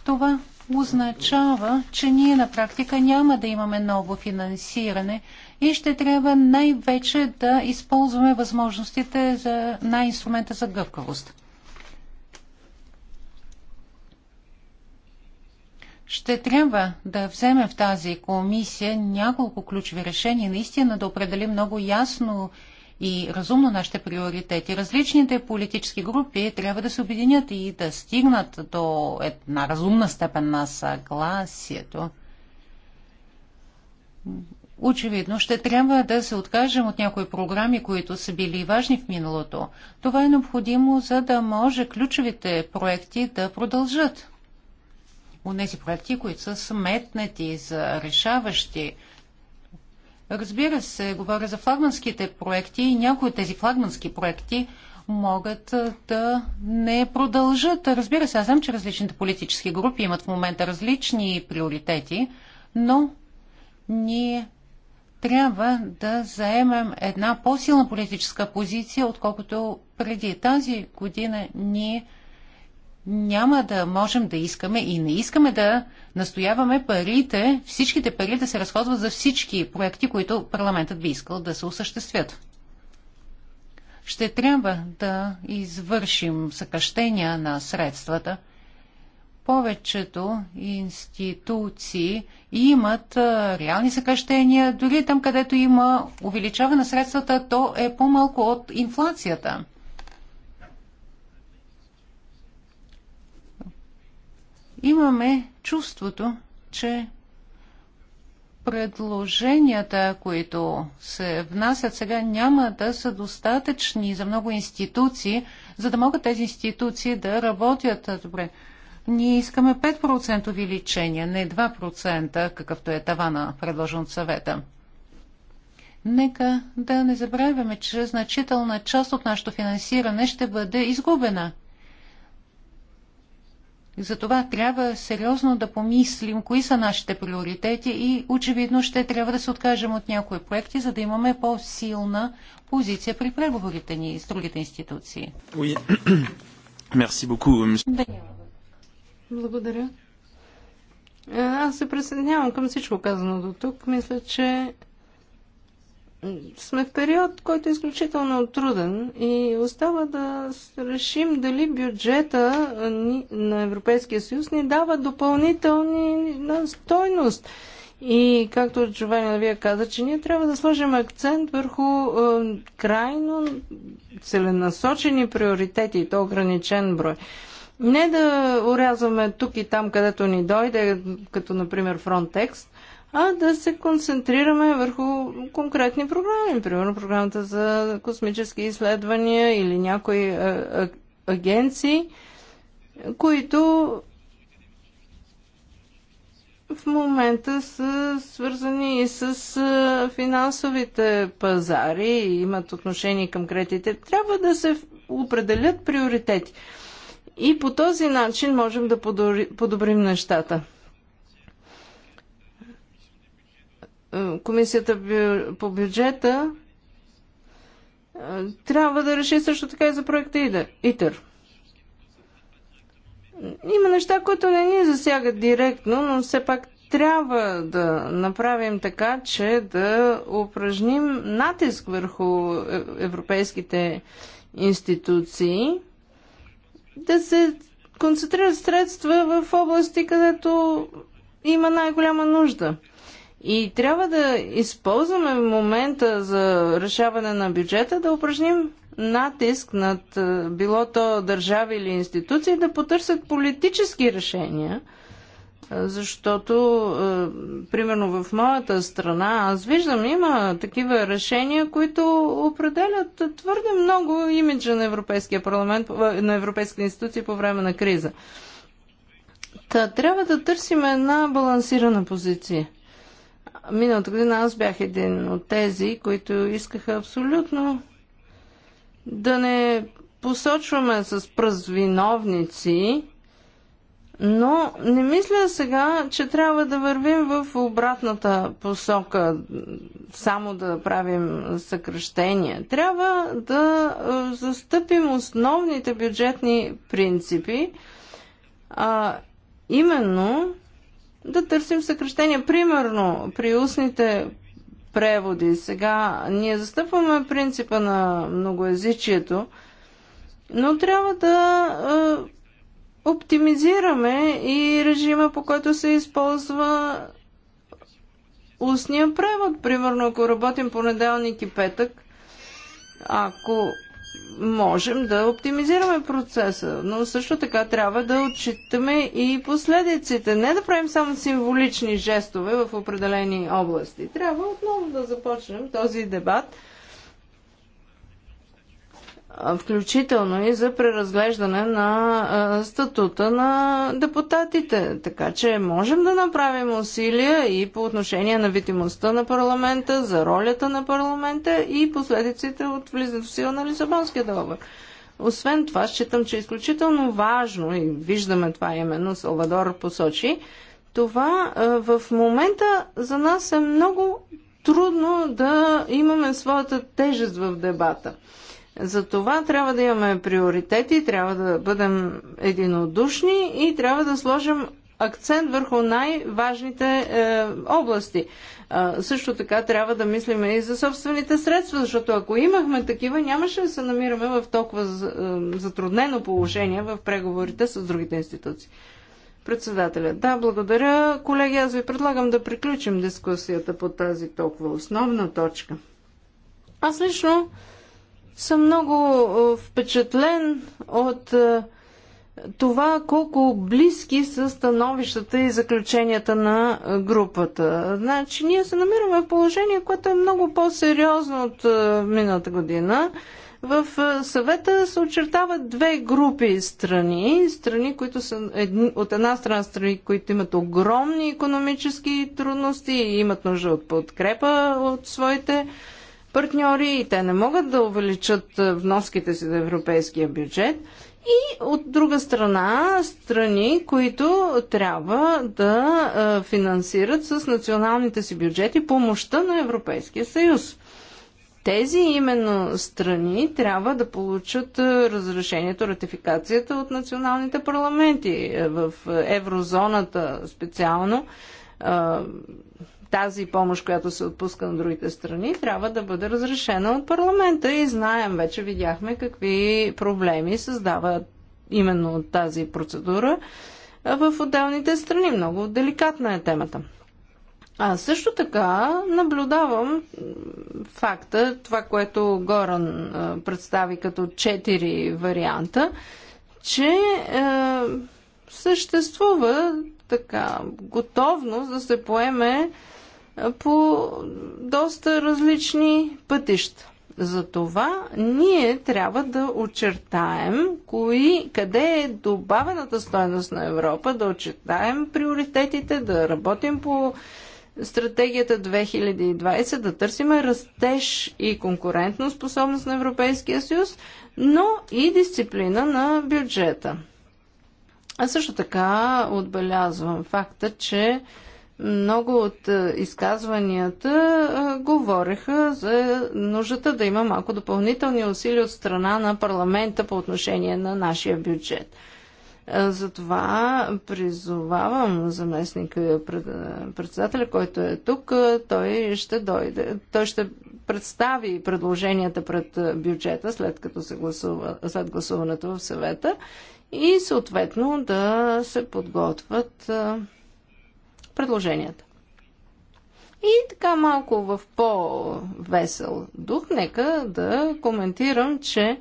Това означава, че ние на практика няма да имаме ново финансиране и ще трябва най-вече да използваме възможностите за, на инструмента за гъвкавост. ще трябва да вземе в тази комисия няколко ключови решения, наистина да определим много ясно и разумно нашите приоритети. Различните политически групи трябва да се объединят и да стигнат до една разумна степен на съгласието. Очевидно, ще трябва да се откажем от някои програми, които са били важни в миналото. Това е необходимо, за да може ключовите проекти да продължат. Нези проекти, които са сметнати за решаващи. Разбира се, говоря за флагманските проекти и някои от тези флагмански проекти могат да не продължат. Разбира се, аз знам, че различните политически групи имат в момента различни приоритети, но ние трябва да заемем една по-силна политическа позиция, отколкото преди тази година ние няма да можем да искаме и не искаме да настояваме парите, всичките пари да се разходват за всички проекти, които парламентът би искал да се осъществят. Ще трябва да извършим съкъщения на средствата. Повечето институции имат реални съкъщения. Дори там, където има увеличаване на средствата, то е по-малко от инфлацията – имаме чувството, че предложенията, които се внасят сега, няма да са достатъчни за много институции, за да могат тези институции да работят добре. Ние искаме 5% увеличение, не 2%, какъвто е тавана, предложен от съвета. Нека да не забравяме, че значителна част от нашето финансиране ще бъде изгубена – затова трябва сериозно да помислим кои са нашите приоритети и очевидно ще трябва да се откажем от някои проекти, за да имаме по-силна позиция при преговорите ни с другите институции. *coughs* Благодаря. Е, аз се присъединявам към всичко казано до тук. Мисля, че сме в период, който е изключително труден и остава да решим дали бюджета на Европейския съюз ни дава допълнителни на стойност. И както Джованина вие каза, че ние трябва да сложим акцент върху е, крайно целенасочени приоритети и то ограничен брой. Не да урязваме тук и там, където ни дойде, като например Frontex, а да се концентрираме върху конкретни програми, примерно програмата за космически изследвания или някои а, а, агенции, които в момента са свързани и с финансовите пазари и имат отношение към кредитите. Трябва да се определят приоритети. И по този начин можем да подобрим нещата. Е, комисията по бюджета е, трябва да реши също така и за проекта ИТЕР. Има неща, които не ни засягат директно, но все пак трябва да направим така, че да упражним натиск върху е, европейските институции, да се концентрират средства в области, където има най-голяма нужда. И трябва да използваме момента за решаване на бюджета да упражним натиск над е, било то държави или институции да потърсят политически решения, е, защото, е, примерно в моята страна, аз виждам, има такива решения, които определят твърде много имиджа на Европейския парламент, на Европейските институции по време на криза. Та, трябва да търсим една балансирана позиция. Миналата година аз бях един от тези, които искаха абсолютно да не посочваме с пръз виновници, но не мисля сега, че трябва да вървим в обратната посока, само да правим съкръщения. Трябва да застъпим основните бюджетни принципи, а именно да търсим съкръщения. Примерно, при устните преводи. Сега ние застъпваме принципа на многоязичието, но трябва да е, оптимизираме и режима, по който се използва устния превод. Примерно, ако работим понеделник и петък, ако можем да оптимизираме процеса, но също така трябва да отчитаме и последиците. Не да правим само символични жестове в определени области. Трябва отново да започнем този дебат включително и за преразглеждане на статута на депутатите. Така че можем да направим усилия и по отношение на видимостта на парламента, за ролята на парламента и последиците от влизането сила на Лисабонския договор. Освен това, считам, че е изключително важно, и виждаме това именно, Салвадор посочи, това в момента за нас е много трудно да имаме своята тежест в дебата. За това трябва да имаме приоритети, трябва да бъдем единодушни и трябва да сложим акцент върху най-важните е, области. А, също така трябва да мислим и за собствените средства, защото ако имахме такива, нямаше да се намираме в толкова е, затруднено положение в преговорите с другите институции. Председателя. Да, благодаря. Колеги, аз ви предлагам да приключим дискусията по тази толкова основна точка. Аз лично съм много е, впечатлен от е, това колко близки са становищата и заключенията на е, групата. Значи, ние се намираме в положение, което е много по-сериозно от миналата година. В съвета се очертават две групи страни. Страни, които са от една страна страни, които имат огромни економически трудности и имат нужда от подкрепа от своите партньори и те не могат да увеличат е, вноските си за европейския бюджет. И от друга страна, страни, които трябва да е, финансират с националните си бюджети помощта на Европейския съюз. Тези именно страни трябва да получат е, разрешението, ратификацията от националните парламенти. В еврозоната специално тази помощ, която се отпуска на другите страни, трябва да бъде разрешена от парламента и знаем, вече видяхме какви проблеми създава именно тази процедура в отделните страни. Много деликатна е темата. А също така наблюдавам факта, това, което Горан представи като четири варианта, че е, съществува така готовност да се поеме по доста различни пътища. Затова ние трябва да очертаем кои, къде е добавената стоеност на Европа, да очертаем приоритетите, да работим по стратегията 2020, да търсиме растеж и конкурентно способност на Европейския съюз, но и дисциплина на бюджета. А също така отбелязвам факта, че много от е, изказванията е, говореха за нуждата да има малко допълнителни усилия от страна на парламента по отношение на нашия бюджет. Е, затова призовавам заместника председателя, който е тук, той ще дойде, той ще представи предложенията пред бюджета, след като се гласува, след гласуването в съвета и съответно да се подготвят предложенията. И така малко в по-весел дух, нека да коментирам, че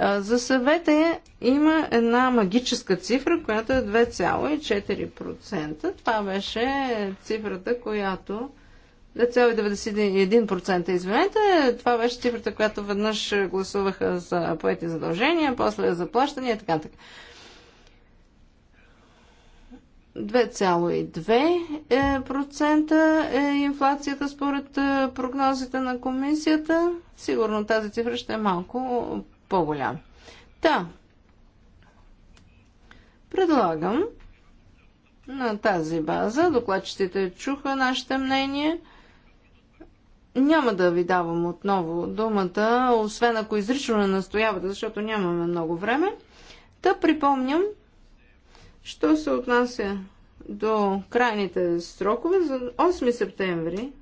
за съвета има една магическа цифра, която е 2,4%. Това беше цифрата, която 2,91% извинете, това беше цифрата, която веднъж гласуваха за поети задължения, после за плащания и така, така. 2,2% е инфлацията според е, прогнозите на комисията. Сигурно тази цифра ще е малко по-голяма. Та, предлагам на тази база, докладчетите чуха нашите мнения. Няма да ви давам отново думата, освен ако изрично не настоявате, защото нямаме много време. Да припомням, Що се отнася до крайните срокове за 8 септември,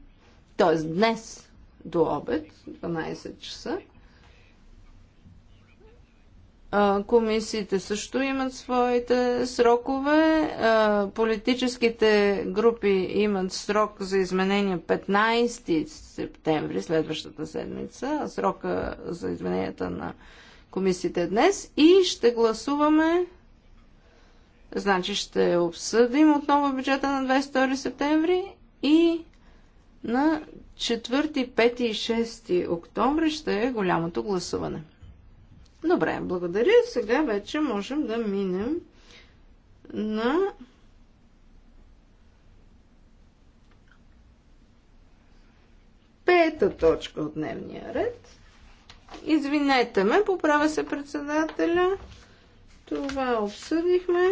т.е. днес до обед, 12 часа, Комисиите също имат своите срокове. Политическите групи имат срок за изменение 15 септември, следващата седмица. Срока за измененията на комисиите днес. И ще гласуваме Значи ще обсъдим отново бюджета на 22 септември и на 4, 5 и 6 октомври ще е голямото гласуване. Добре, благодаря. Сега вече можем да минем на пета точка от дневния ред. Извинете ме, поправя се председателя. Това обсъдихме.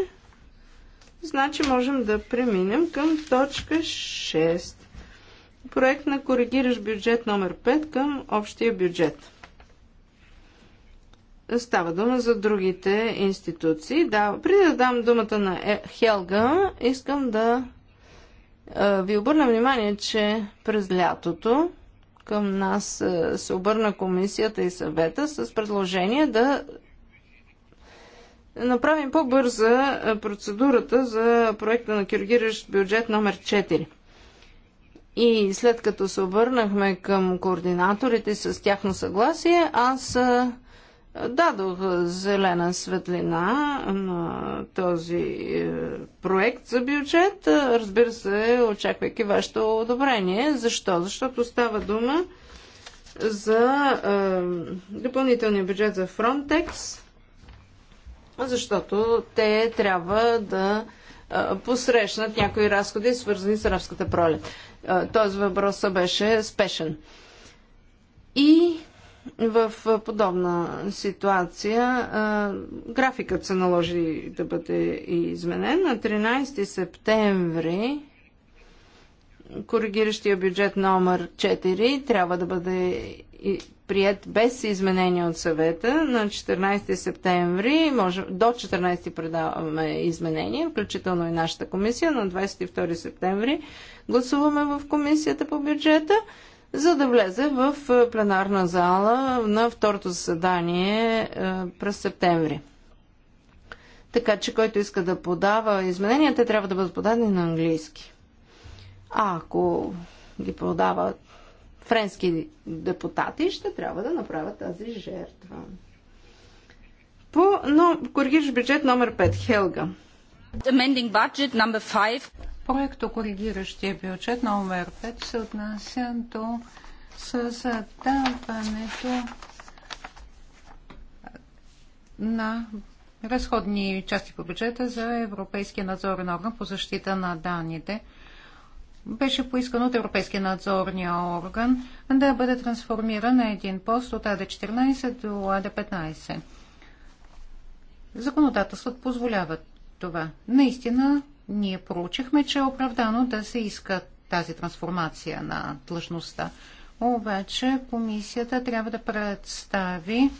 Значи можем да преминем към точка 6. Проект на коригираш бюджет номер 5 към общия бюджет. Става дума за другите институции. Да, преди да дам думата на е- Хелга, искам да ви обърна внимание, че през лятото към нас се обърна комисията и съвета с предложение да направим по-бърза процедурата за проекта на Киргириш бюджет номер 4. И след като се обърнахме към координаторите с тяхно съгласие, аз дадох зелена светлина на този е, проект за бюджет, разбира се, очаквайки вашето одобрение. Защо? Защото става дума за е, допълнителния бюджет за Frontex защото те трябва да посрещнат някои разходи, свързани с арабската пролет. Този въпрос беше спешен. И в подобна ситуация графикът се наложи да бъде изменен. На 13 септември коригиращия бюджет номер 4 трябва да бъде прият без изменения от съвета на 14 септември. Може, до 14 предаваме изменения, включително и нашата комисия. На 22 септември гласуваме в комисията по бюджета, за да влезе в пленарна зала на второто заседание през септември. Така че който иска да подава изменения, те трябва да бъдат подадени на английски. А ако ги продават френски депутати, ще трябва да направят тази жертва. По но, коригираш бюджет номер 5, Хелга. Amending budget number 5. Проекто коригиращия бюджет номер 5 се отнася до създаването на разходни части по бюджета за Европейския надзорен орган по защита на данните – беше поискан от Европейския надзорния орган да бъде трансформиран на един пост от АД-14 до АД-15. Законодателството позволява това. Наистина, ние проучихме, че е оправдано да се иска тази трансформация на длъжността. Обаче комисията трябва да представи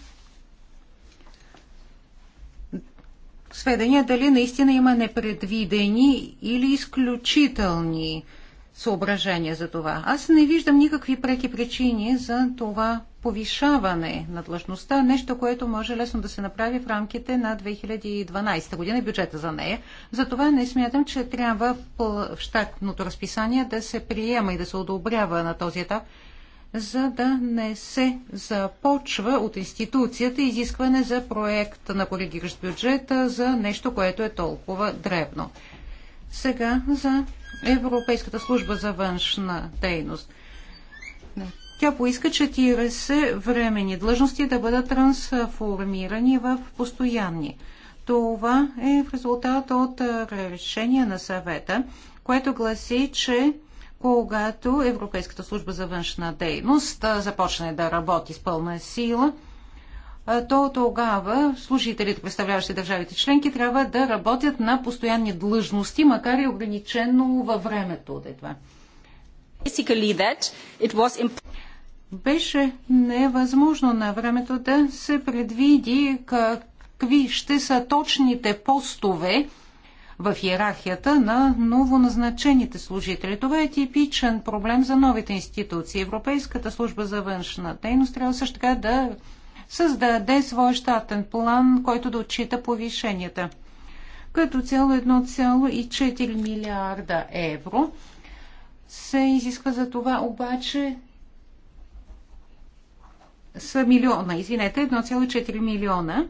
сведения дали наистина има непредвидени или изключителни съображения за това. Аз не виждам никакви преки причини за това повишаване на длъжността, нещо, което може лесно да се направи в рамките на 2012 година и бюджета за нея. Затова не смятам, че трябва в щатното разписание да се приема и да се одобрява на този етап, за да не се започва от институцията изискване за проект на колегиращ бюджета за нещо, което е толкова дребно. Сега за Европейската служба за външна дейност. Тя поиска 40 времени длъжности да бъдат трансформирани в постоянни. Това е в резултат от решение на съвета, което гласи, че когато Европейската служба за външна дейност започне да работи с пълна сила – то тогава служителите, представляващи държавите членки, трябва да работят на постоянни длъжности, макар и ограничено във времето от това. Беше невъзможно на времето да се предвиди какви ще са точните постове в иерархията на новоназначените служители. Това е типичен проблем за новите институции. Европейската служба за външна дейност трябва също така да създаде свой щатен план, който да отчита повишенията. Като цяло 1,4 милиарда евро се изисква за това обаче са милиона, извинете, 1,4 милиона.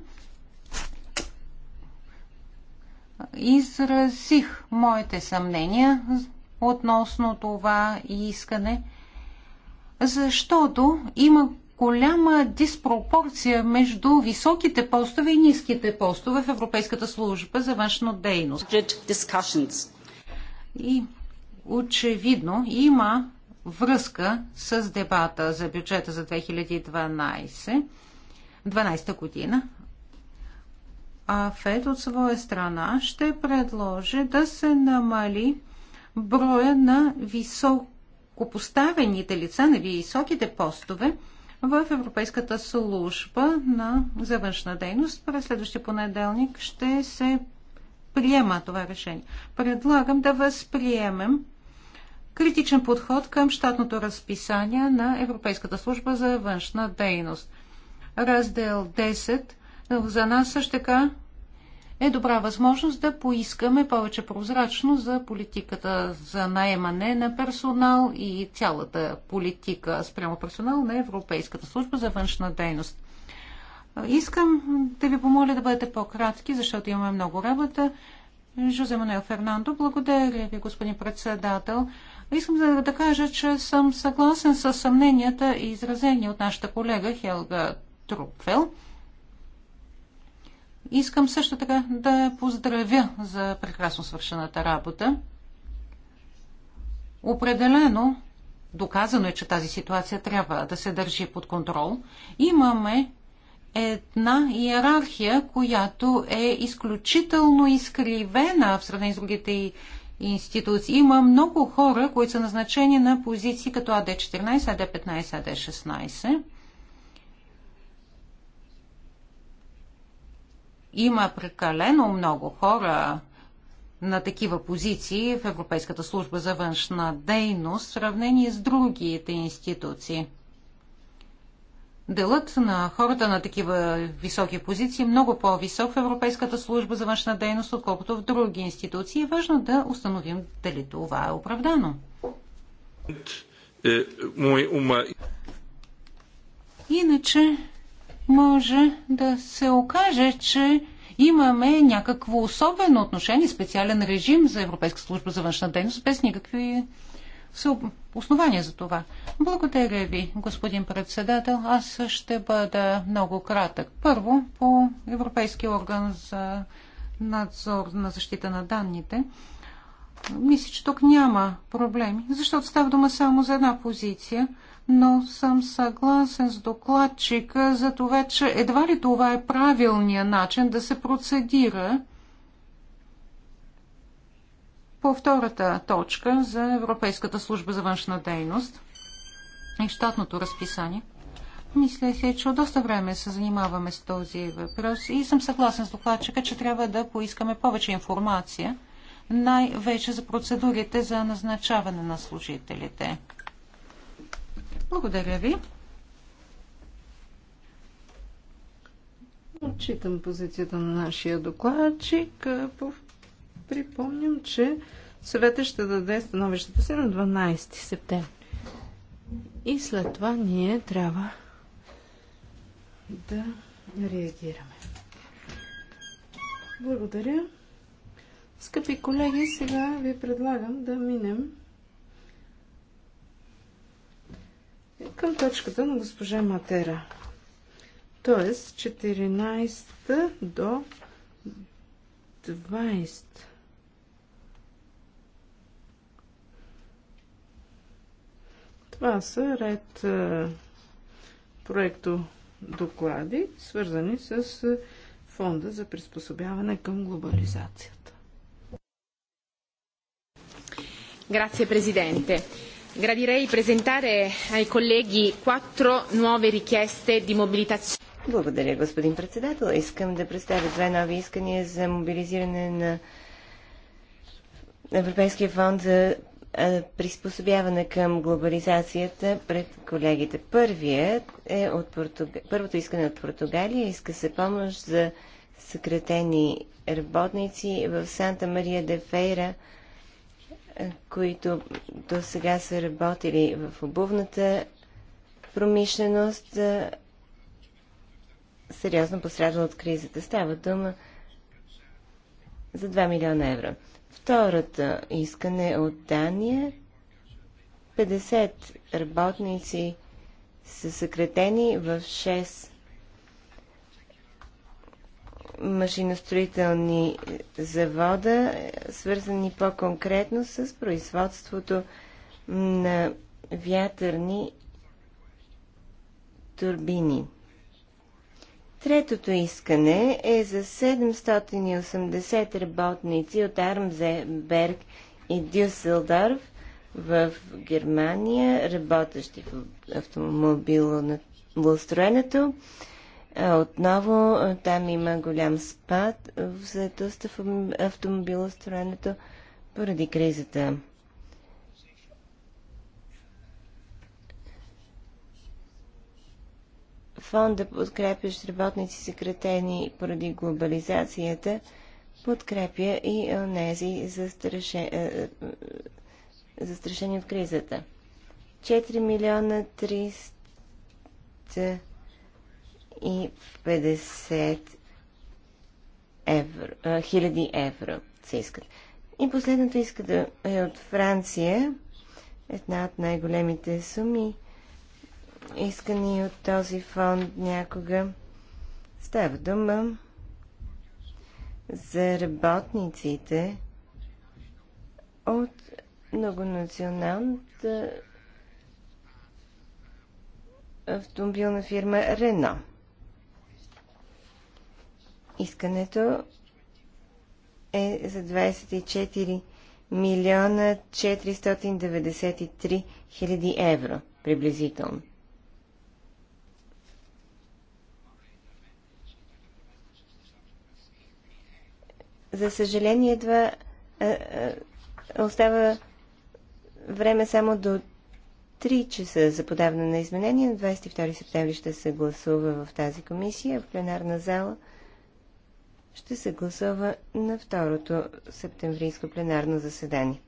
Изразих моите съмнения относно това искане, защото има голяма диспропорция между високите постове и ниските постове в Европейската служба за външна дейност. И очевидно има връзка с дебата за бюджета за 2012 12 година. А ФЕД от своя страна ще предложи да се намали броя на високопоставените лица на високите постове в Европейската служба на завършна дейност. През следващия понеделник ще се приема това решение. Предлагам да възприемем критичен подход към щатното разписание на Европейската служба за външна дейност. Раздел 10 за нас също така е добра възможност да поискаме повече прозрачно за политиката за наемане на персонал и цялата политика спрямо персонал на Европейската служба за външна дейност. Искам да ви помоля да бъдете по-кратки, защото имаме много работа. Жозе Манел Фернандо, благодаря ви, господин председател. Искам да, да кажа, че съм съгласен с съмненията и изразения от нашата колега Хелга Трупфел. Искам също така да поздравя за прекрасно свършената работа. Определено, доказано е, че тази ситуация трябва да се държи под контрол. Имаме една иерархия, която е изключително изкривена в сравнение с другите институции. Има много хора, които са назначени на позиции като АД-14, АД-15, АД-16. Има прекалено много хора на такива позиции в Европейската служба за външна дейност в сравнение с другите институции. Делът на хората на такива високи позиции е много по-висок в Европейската служба за външна дейност, отколкото в други институции. Е важно да установим дали това е оправдано. Е, е, Иначе може да се окаже, че имаме някакво особено отношение, специален режим за Европейска служба за външна дейност, без никакви основания за това. Благодаря ви, господин председател. Аз ще бъда много кратък. Първо, по Европейския орган за надзор на защита на данните. Мисля, че тук няма проблеми, защото става дума само за една позиция – но съм съгласен с докладчика за това, че едва ли това е правилният начин да се процедира по втората точка за Европейската служба за външна дейност и щатното разписание. Мисля се, че от доста време се занимаваме с този въпрос и съм съгласен с докладчика, че трябва да поискаме повече информация, най-вече за процедурите за назначаване на служителите. Благодаря ви. Отчитам позицията на нашия докладчик. Припомням, че съвета ще даде становищата си на 12 септември. И след това ние трябва да реагираме. Благодаря. Скъпи колеги, сега ви предлагам да минем към точката на госпожа Матера. Тоест 14 до 20. Това са ред е, проекто доклади, свързани с е, Фонда за приспособяване към глобализацията. Grazie Presidente. Gradirei presentare ai colleghi quattro nuove richieste di mobilitazione. Благодаря, господин председател. Искам да представя две нови искания за мобилизиране на Европейския фонд за приспособяване към глобализацията пред колегите. Първият е от Португ... Първото искане от Португалия. Иска се помощ за съкратени работници в Санта Мария де Фейра – които до сега са работили в обувната промишленост, сериозно пострадал от кризата. Става дума за 2 милиона евро. Втората искане е от Дания 50 работници са съкретени в 6 машиностроителни завода, свързани по-конкретно с производството на вятърни турбини. Третото искане е за 780 работници от Армзеберг и Дюсселдорф в Германия, работещи в автомобилостроенето, е, отново е, там има голям спад в заедостта в автомобилостроенето поради кризата. Фонда подкрепящ работници съкратени поради глобализацията подкрепя и онези застрашени, е, застрашени от кризата. 4 милиона 300 и 50 евро, а, хиляди евро се искат. И последното иска да е от Франция, една от най-големите суми, искани от този фонд някога. Става дума за работниците от многонационалната автомобилна фирма Рено. Искането е за 24 милиона 493 хиляди евро, приблизително. За съжаление, едва а, а, остава време само до 3 часа за подаване на изменения. На 22 септември ще се гласува в тази комисия, в пленарна зала – ще се гласува на второто септемврийско пленарно заседание.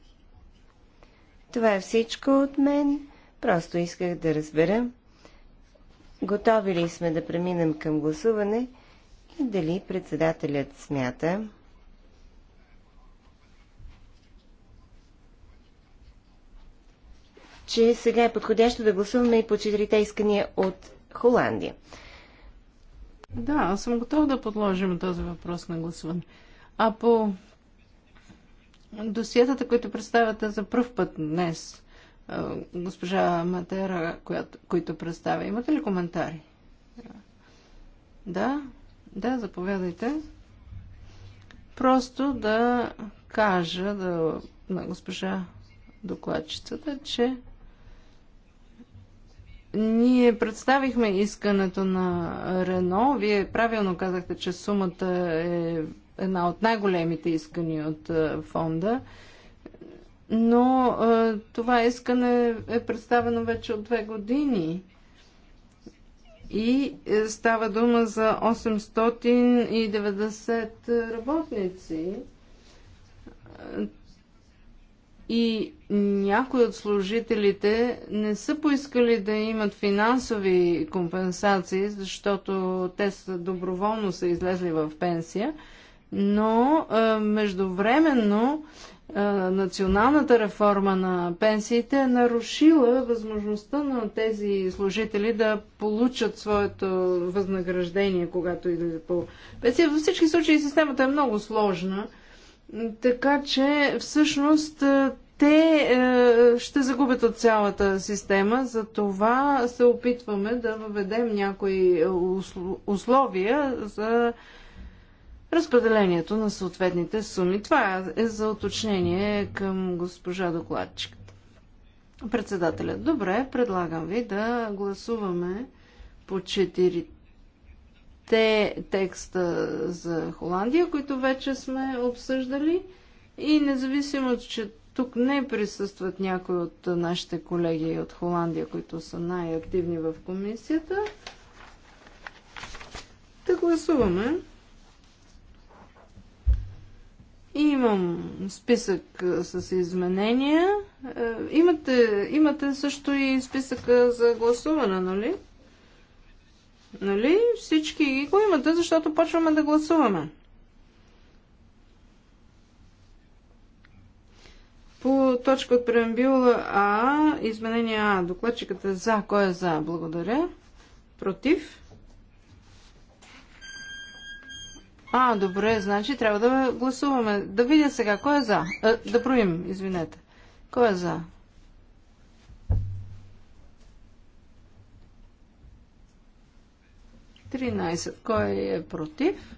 Това е всичко от мен. Просто исках да разбера готови ли сме да преминем към гласуване и дали председателят смята, че сега е подходящо да гласуваме и по четирите искания от Холандия. Да, аз съм готов да подложим този въпрос на гласуване. А по досиетата, които представяте за първ път днес, госпожа Матера, която, които представя, имате ли коментари? Да, да, заповядайте. Просто да кажа да, на госпожа докладчицата, че ние представихме искането на Рено. Вие правилно казахте, че сумата е една от най-големите искания от е, фонда. Но е, това искане е представено вече от две години. И е, става дума за 890 работници и някои от служителите не са поискали да имат финансови компенсации, защото те са доброволно са излезли в пенсия, но а, междувременно а, националната реформа на пенсиите е нарушила възможността на тези служители да получат своето възнаграждение, когато излизат по пенсия. Във всички случаи системата е много сложна така че всъщност е, те е, ще загубят от цялата система, за това се опитваме да въведем някои условия за разпределението на съответните суми. Това е за уточнение към госпожа докладчиката. Председателят, добре, предлагам ви да гласуваме по четирите те текста за Холандия, които вече сме обсъждали. И независимо, че тук не присъстват някои от нашите колеги от Холандия, които са най-активни в комисията, да гласуваме. И имам списък с изменения. Е, имате, имате също и списъка за гласуване, нали? Нали? Всички ги го имате, защото почваме да гласуваме. По точка от преамбюла А, изменение А, докладчикът е за. Кой е за? Благодаря. Против? А, добре, значи трябва да гласуваме. Да видя сега, кой е за? Е, да проим, извинете. Кой е за? 13. Кой е против?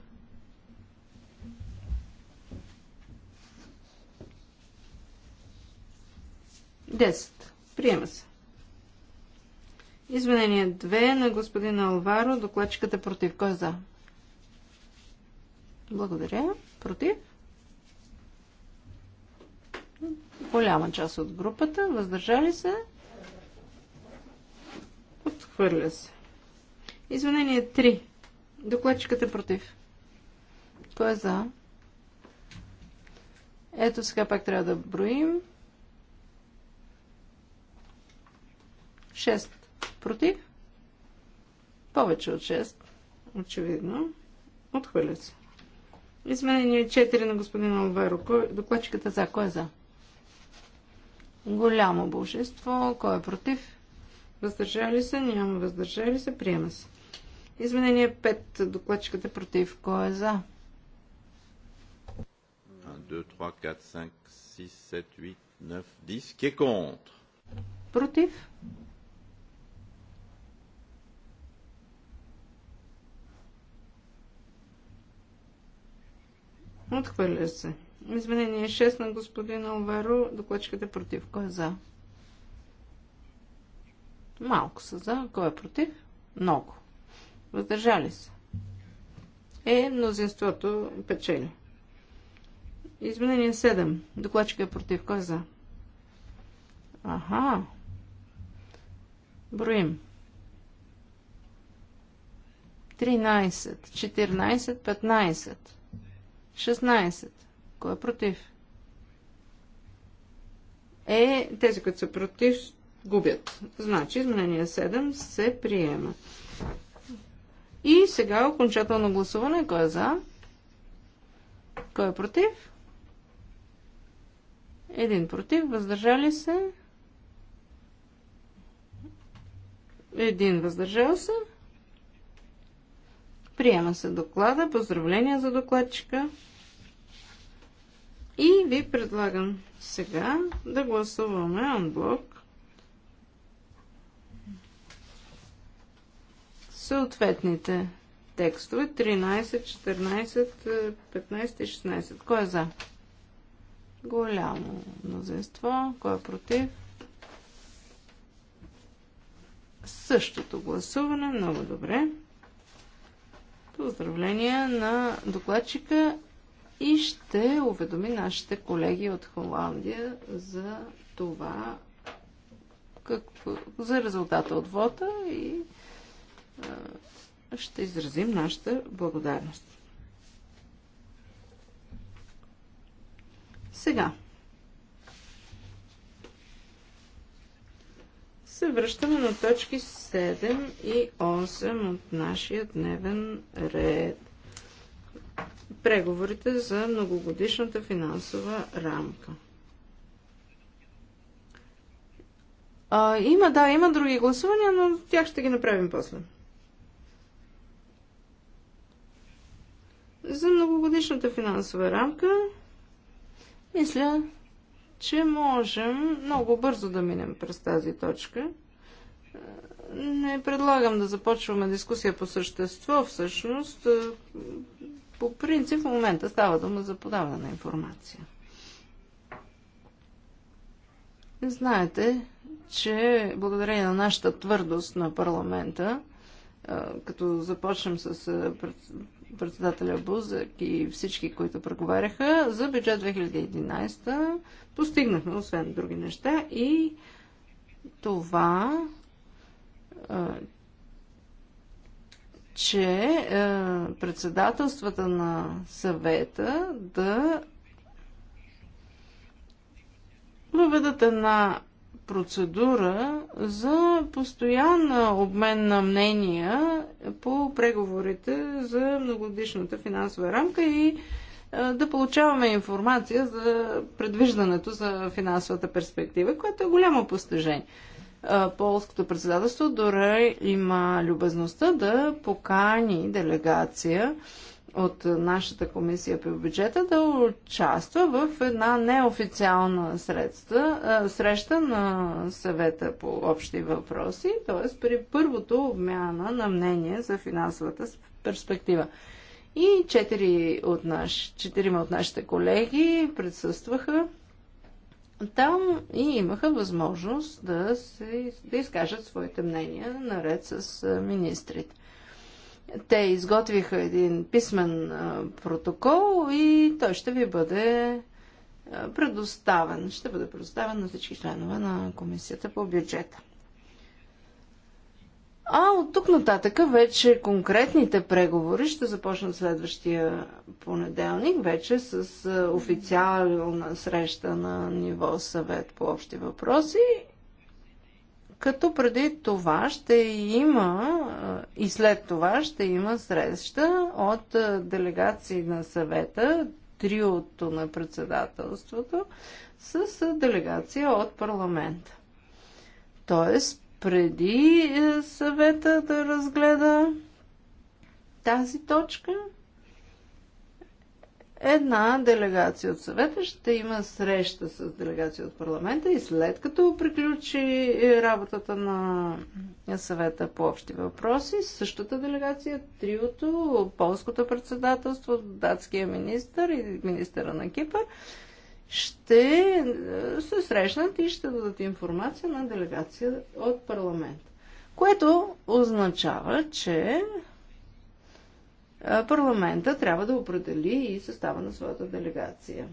Десет. Приема се. Изменение 2 на господин Алваро. Докладчиката е против. Кой е за? Благодаря. Против? Голяма част от групата. Въздържали се? Отхвърля се. Изменение 3. Докладчикът е против. Кой е за? Ето сега пак трябва да броим. 6 против. Повече от 6. Очевидно. Отхвърля се. Изменение 4 на господин Алваро. Докладчиката е за. Кой е за? Голямо бължество. Кой е против? Въздържали се? Няма въздържали се. Приема се. Изменение 5. Докладчиката е против. Кой е за? 1, 2, 3, 4, 5, 6, 7, 8, 9, 10. Qui est Против. Отхвърля се. Изменение 6 на господин Оверо, Докладчиката е против. Кой е за? Малко са за. Кой е против? Много въздържали се. Е, мнозинството печели. Изменение 7. Докладчика е против. Кой е за? Аха. Броим. 13, 14, 15, 16. Кой е против? Е, тези, които са против, губят. Значи изменение 7 се приема. И сега окончателно гласуване. Кой е за? Кой е против? Един против. Въздържали се? Един въздържал се. Приема се доклада. Поздравления за докладчика. И ви предлагам сега да гласуваме анблок съответните текстове 13, 14, 15 и 16. Кой е за? Голямо мнозинство. Кой е против? Същото гласуване. Много добре. Поздравления на докладчика и ще уведоми нашите колеги от Холандия за това, какво, за резултата от вота и ще изразим нашата благодарност. Сега се връщаме на точки 7 и 8 от нашия дневен ред. Преговорите за многогодишната финансова рамка. А, има, да, има други гласувания, но тях ще ги направим после. За многогодишната финансова рамка мисля, че можем много бързо да минем през тази точка. Не предлагам да започваме дискусия по същество, всъщност. По принцип в момента става дума за подаване на информация. Знаете, че благодарение на нашата твърдост на парламента, като започнем с председателя Бузък и всички, които преговаряха за бюджет 2011. Постигнахме, освен други неща, и това, че председателствата на съвета да въведат една процедура за постоянна обмен на мнения по преговорите за многодишната финансова рамка и е, да получаваме информация за предвиждането за финансовата перспектива, което е голямо постижение. Е, полското председателство дори има любезността да покани делегация от нашата комисия по бюджета да участва в една неофициална средства, среща на съвета по общи въпроси, т.е. при първото обмяна на мнение за финансовата перспектива. И четири от наш, четирима от нашите колеги присъстваха там и имаха възможност да, се, да изкажат своите мнения наред с министрите. Те изготвиха един писмен протокол и той ще ви бъде предоставен. Ще бъде предоставен на всички членове на Комисията по бюджета. А от тук нататък вече конкретните преговори ще започнат следващия понеделник, вече с официална среща на ниво съвет по общи въпроси като преди това ще има и след това ще има среща от делегации на съвета, триото на председателството, с делегация от парламента. Тоест, преди съвета да разгледа тази точка, една делегация от съвета ще има среща с делегация от парламента и след като приключи е, работата на съвета по общи въпроси, същата делегация, триото, полското председателство, датския министр и министъра на Кипър ще е, се срещнат и ще дадат информация на делегация от парламента. Което означава, че парламента трябва да определи и състава на своята делегация.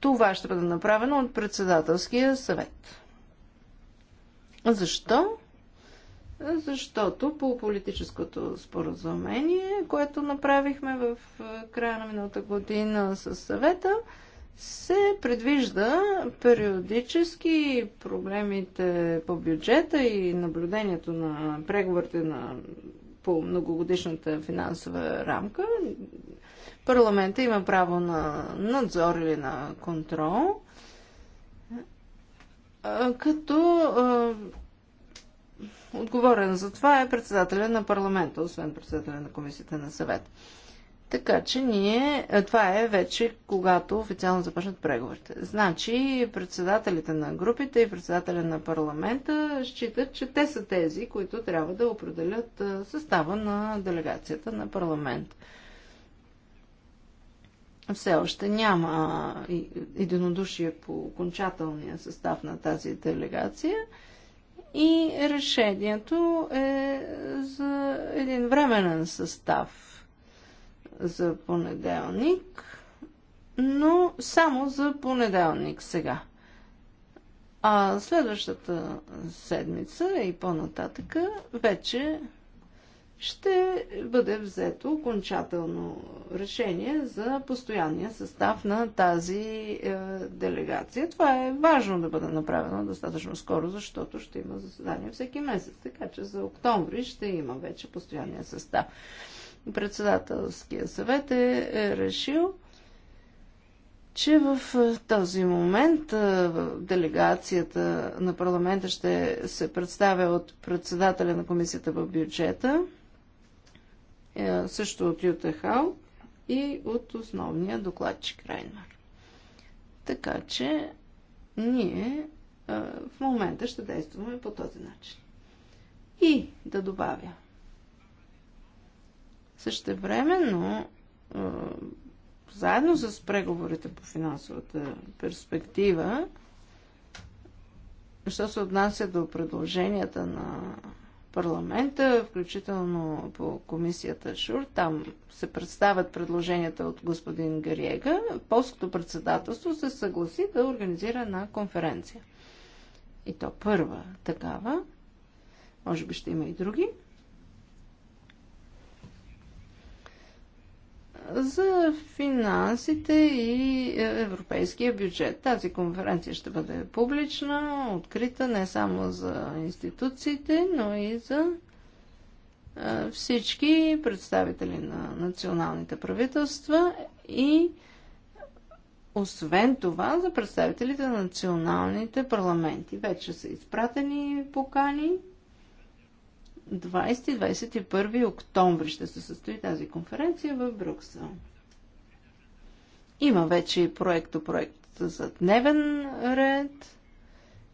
Това ще бъде направено от председателския съвет. Защо? Защото по политическото споразумение, което направихме в края на миналата година с съвета, се предвижда периодически проблемите по бюджета и наблюдението на преговорите на по многогодишната финансова рамка, парламента има право на надзор или на контрол, като отговорен за това е председателя на парламента, освен председателя на комисията на съвет. Така че ние, е, това е вече когато официално започнат преговорите. Значи председателите на групите и председателя на парламента считат, че те са тези, които трябва да определят е, състава на делегацията на парламент. Все още няма единодушие по окончателния състав на тази делегация. И решението е за един временен състав за понеделник, но само за понеделник сега. А следващата седмица и по-нататъка вече ще бъде взето окончателно решение за постоянния състав на тази е, делегация. Това е важно да бъде направено достатъчно скоро, защото ще има заседание всеки месец. Така че за октомври ще има вече постоянния състав. Председателския съвет е, е, решил, че в е, този момент е, делегацията на парламента ще се представя от председателя на комисията в бюджета, също от Юта Хал и от основния докладчик Райнар. Така че ние в момента ще действаме по този начин. И да добавя – но заедно с преговорите по финансовата перспектива, що се отнася до предложенията на парламента, включително по комисията ШУР. Там се представят предложенията от господин Гариега. Полското председателство се съгласи да организира една конференция. И то първа такава. Може би ще има и други. за финансите и е, европейския бюджет. Тази конференция ще бъде публична, открита не само за институциите, но и за е, всички представители на националните правителства и освен това за представителите на националните парламенти. Вече са изпратени покани 20-21 октомври ще се състои тази конференция в Брюксел. Има вече и проекто проект за дневен ред,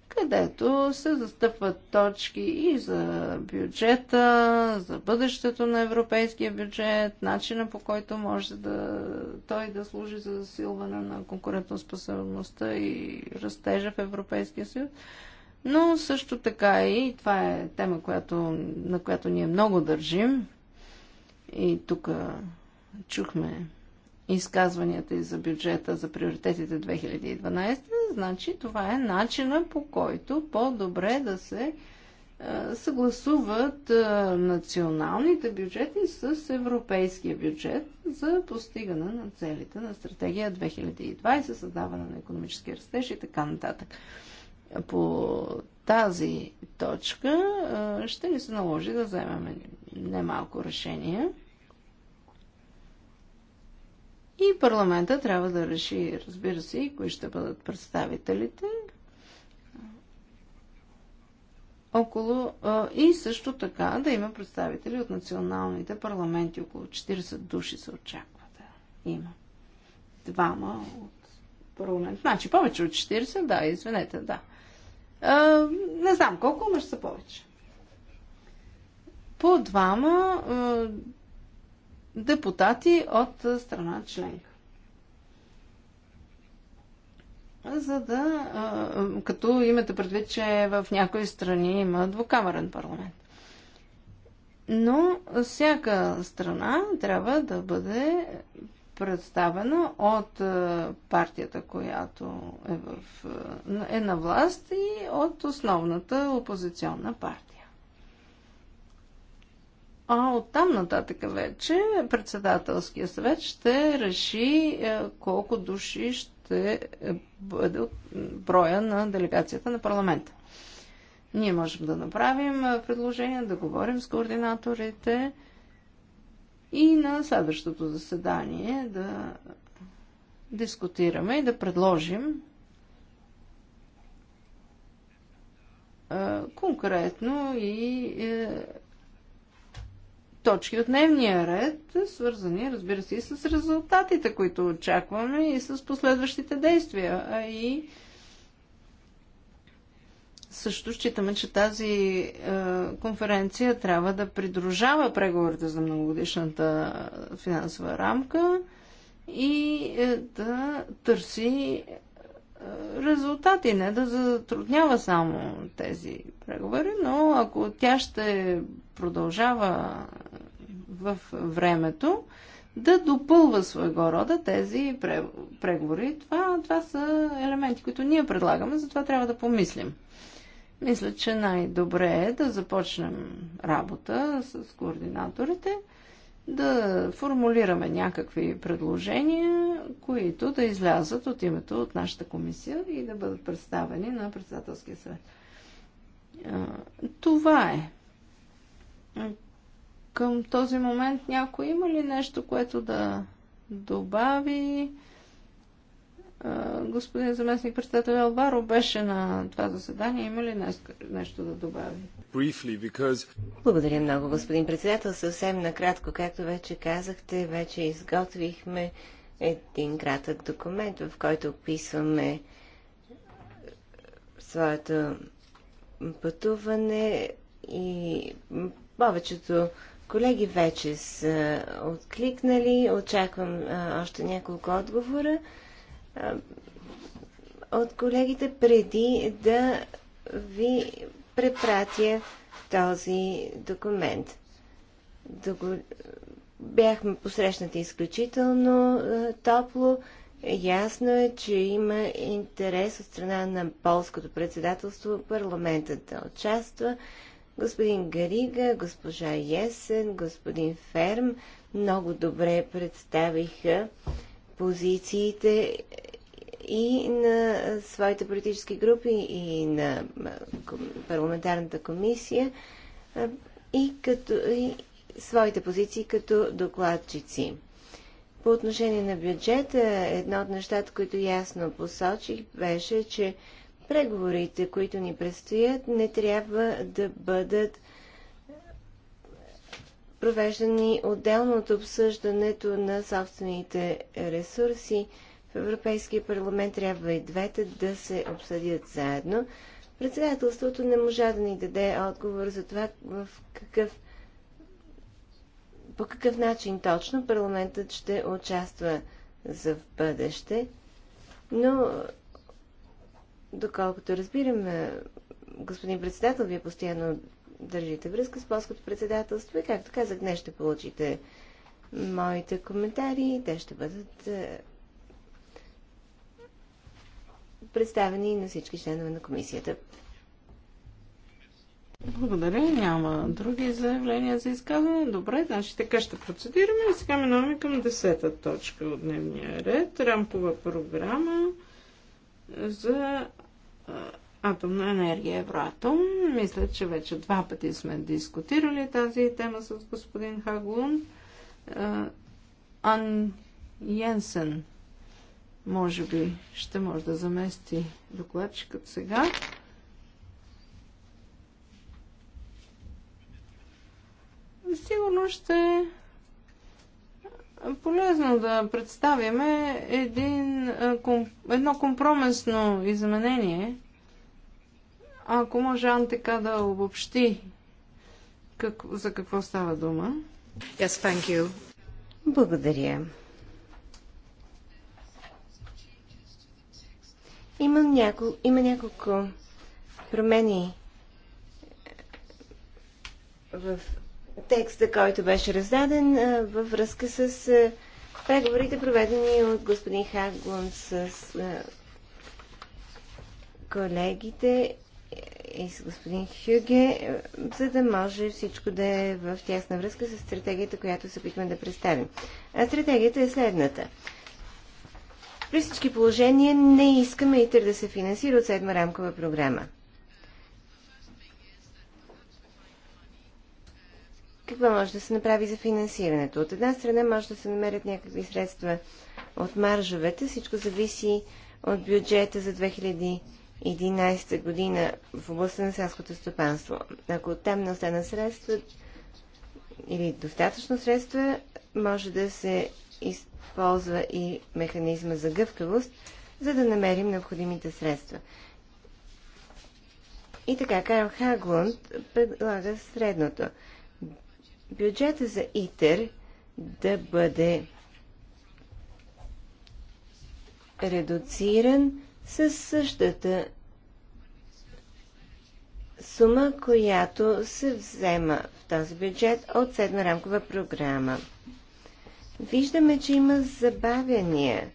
където се застъпват точки и за бюджета, за бъдещето на европейския бюджет, начина по който може да, той да служи за засилване на конкурентоспособността и растежа в Европейския съюз. Съюз но също така и това е тема, която, на която ние много държим. И тук чухме изказванията и за бюджета за приоритетите 2012, значи това е начина по който по-добре да се съгласуват националните бюджети с европейския бюджет за постигане на целите на стратегия 2020, създаване на економически растеж и така нататък по тази точка ще ни се наложи да вземем немалко решения. И парламента трябва да реши, разбира се, и кои ще бъдат представителите около, и също така да има представители от националните парламенти. Около 40 души се очаква да има. Двама от парламент. Значи повече от 40, да, извинете, да. А, не знам колко, но ще са повече. По двама а, депутати от страна членка. За да, а, като имате предвид, че в някои страни има двукамерен парламент. Но всяка страна трябва да бъде представена от е, партията, която е, в, е на власт и от основната опозиционна партия. А от там нататък вече председателския съвет ще реши е, колко души ще бъде броя на делегацията на парламента. Ние можем да направим е, предложения, да говорим с координаторите, и на следващото заседание да дискутираме и да предложим конкретно и е, точки от дневния ред, свързани, разбира се, и с резултатите, които очакваме, и с последващите действия, а и също считаме, че тази е, конференция трябва да придружава преговорите за многогодишната финансова рамка и е, да търси е, резултати, не да затруднява само тези преговори, но ако тя ще продължава в времето, да допълва своего рода тези преговори. Това, това са елементи, които ние предлагаме, затова трябва да помислим. Мисля, че най-добре е да започнем работа с координаторите, да формулираме някакви предложения, които да излязат от името от нашата комисия и да бъдат представени на председателския съвет. Това е. Към този момент някой има ли нещо, което да добави? господин заместник председател Албаро беше на това заседание. Има ли нещо да добави? Briefly, because... Благодаря много, господин председател. Съвсем накратко, както вече казахте, вече изготвихме един кратък документ, в който описваме е, своето пътуване и повечето колеги вече са откликнали. Очаквам а, е, още няколко отговора от колегите преди да ви препратя този документ. Бяхме посрещнати изключително топло. Ясно е, че има интерес от страна на полското председателство парламентът да участва. Господин Гарига, госпожа Есен, господин Ферм много добре представиха позициите и на своите политически групи, и на парламентарната комисия, и, като, и своите позиции като докладчици. По отношение на бюджета, едно от нещата, които ясно посочих, беше, че преговорите, които ни предстоят, не трябва да бъдат провеждани отделно от обсъждането на собствените ресурси в Европейския парламент трябва и двете да се обсъдят заедно. Председателството не можа да ни даде отговор за това в какъв, по какъв начин точно парламентът ще участва за в бъдеще, но доколкото разбирам, господин председател, вие постоянно държите връзка с полското председателство и както казах, днес ще получите моите коментари, те ще бъдат представени на всички членове на комисията. Благодаря. Няма други заявления за изказване. Добре, значи така ще процедираме. И сега минаваме към 10-та точка от дневния ред. Рамкова програма за атомна енергия Евроатом. Мисля, че вече два пъти сме дискутирали тази тема с господин Хаглун. Ан Йенсен може би ще може да замести докладчикът сега. Сигурно ще е полезно да представяме един, едно компромисно изменение, ако може Антека да обобщи как, за какво става дума. Yes, thank you. Благодаря. Има, няко, има няколко промени в текста, който беше раздаден във връзка с преговорите, проведени от господин Хаглун с колегите и с господин Хюге, за да може всичко да е в тясна връзка с стратегията, която се опитваме да представим. А стратегията е следната. При всички положения не искаме ИТЕР да се финансира от седма рамкова програма. Какво може да се направи за финансирането? От една страна може да се намерят някакви средства от маржовете. Всичко зависи от бюджета за 2011 година в областта на селското стопанство. Ако там не остана средства или достатъчно средства, може да се из ползва и механизма за гъвкавост, за да намерим необходимите средства. И така, Карл Хаглунд предлага средното: Бюджета за ИТЕР да бъде редуциран със същата сума, която се взема в този бюджет от седма рамкова програма. Виждаме, че има забавяния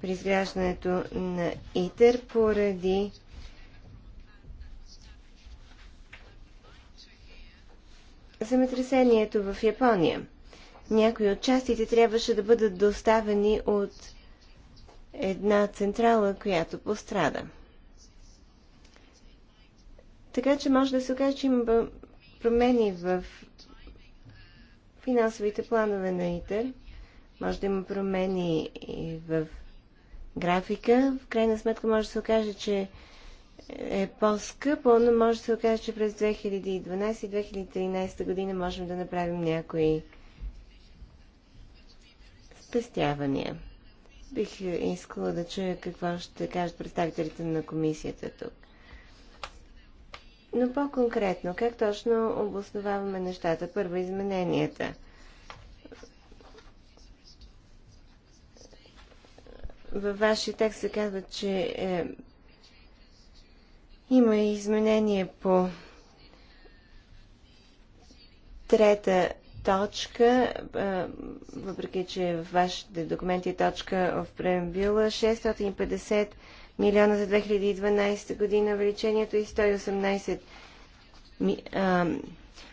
при изграждането на ИТЕР поради земетресението в Япония. Някои от частите трябваше да бъдат доставени от една централа, която пострада. Така че може да се окаже, че има промени в финансовите планове на ИТЕР може да има промени и в графика. В крайна сметка може да се окаже, че е по-скъпо, но може да се окаже, че през 2012-2013 година можем да направим някои спестявания. Бих искала да чуя какво ще кажат представителите на комисията тук. Но по-конкретно, как точно обосноваваме нещата? Първо, измененията – във вашия текст се казва, че е, има изменение по трета точка, е, въпреки че в вашите документи е точка в преамбила 650 милиона за 2012 година увеличението е и 118 ми,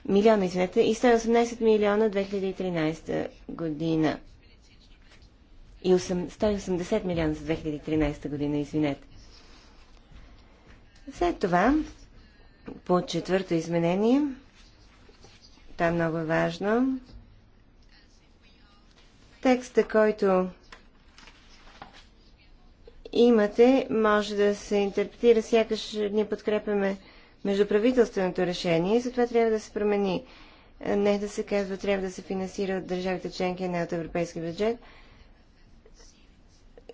милиона, извинете, и 118 милиона 2013 година. И 180 милиона за 2013 година, извинете. След това, по четвърто изменение, това е много важно, текста, който имате, може да се интерпретира сякаш ние подкрепяме междуправителственото решение и затова трябва да се промени. Е, не да се казва, трябва да се финансира от държавите членки, а не от европейски бюджет,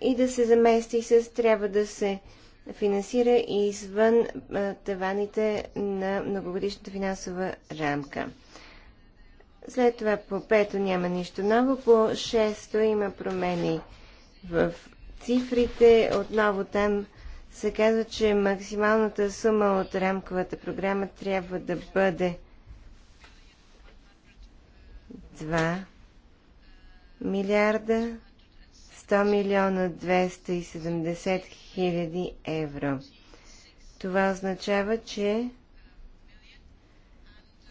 и да се замести с трябва да се финансира извън таваните на многогодишната финансова рамка. След това по пето няма нищо ново, по шесто има промени в цифрите. Отново там се казва, че максималната сума от рамковата програма трябва да бъде 2 милиарда 100 милиона 270 хиляди евро. Това означава, че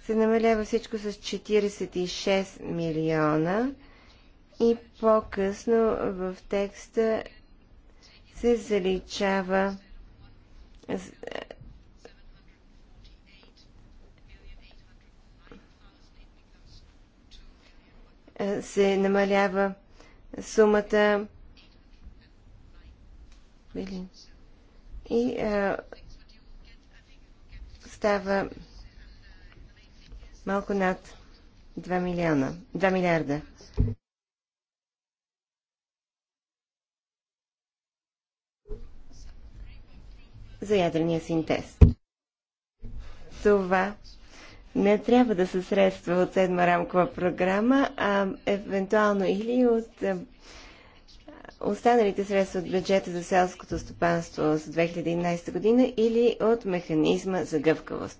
се намалява всичко с 46 милиона и по-късно в текста се заличава е, се намалява сумата. И а, става малко над 2 милиона, 2 милиарда. за ядрения синтез. Това не трябва да са средства от седма рамкова програма, а евентуално или от е, останалите средства от бюджета за селското стопанство за 2011 година или от механизма за гъвкавост.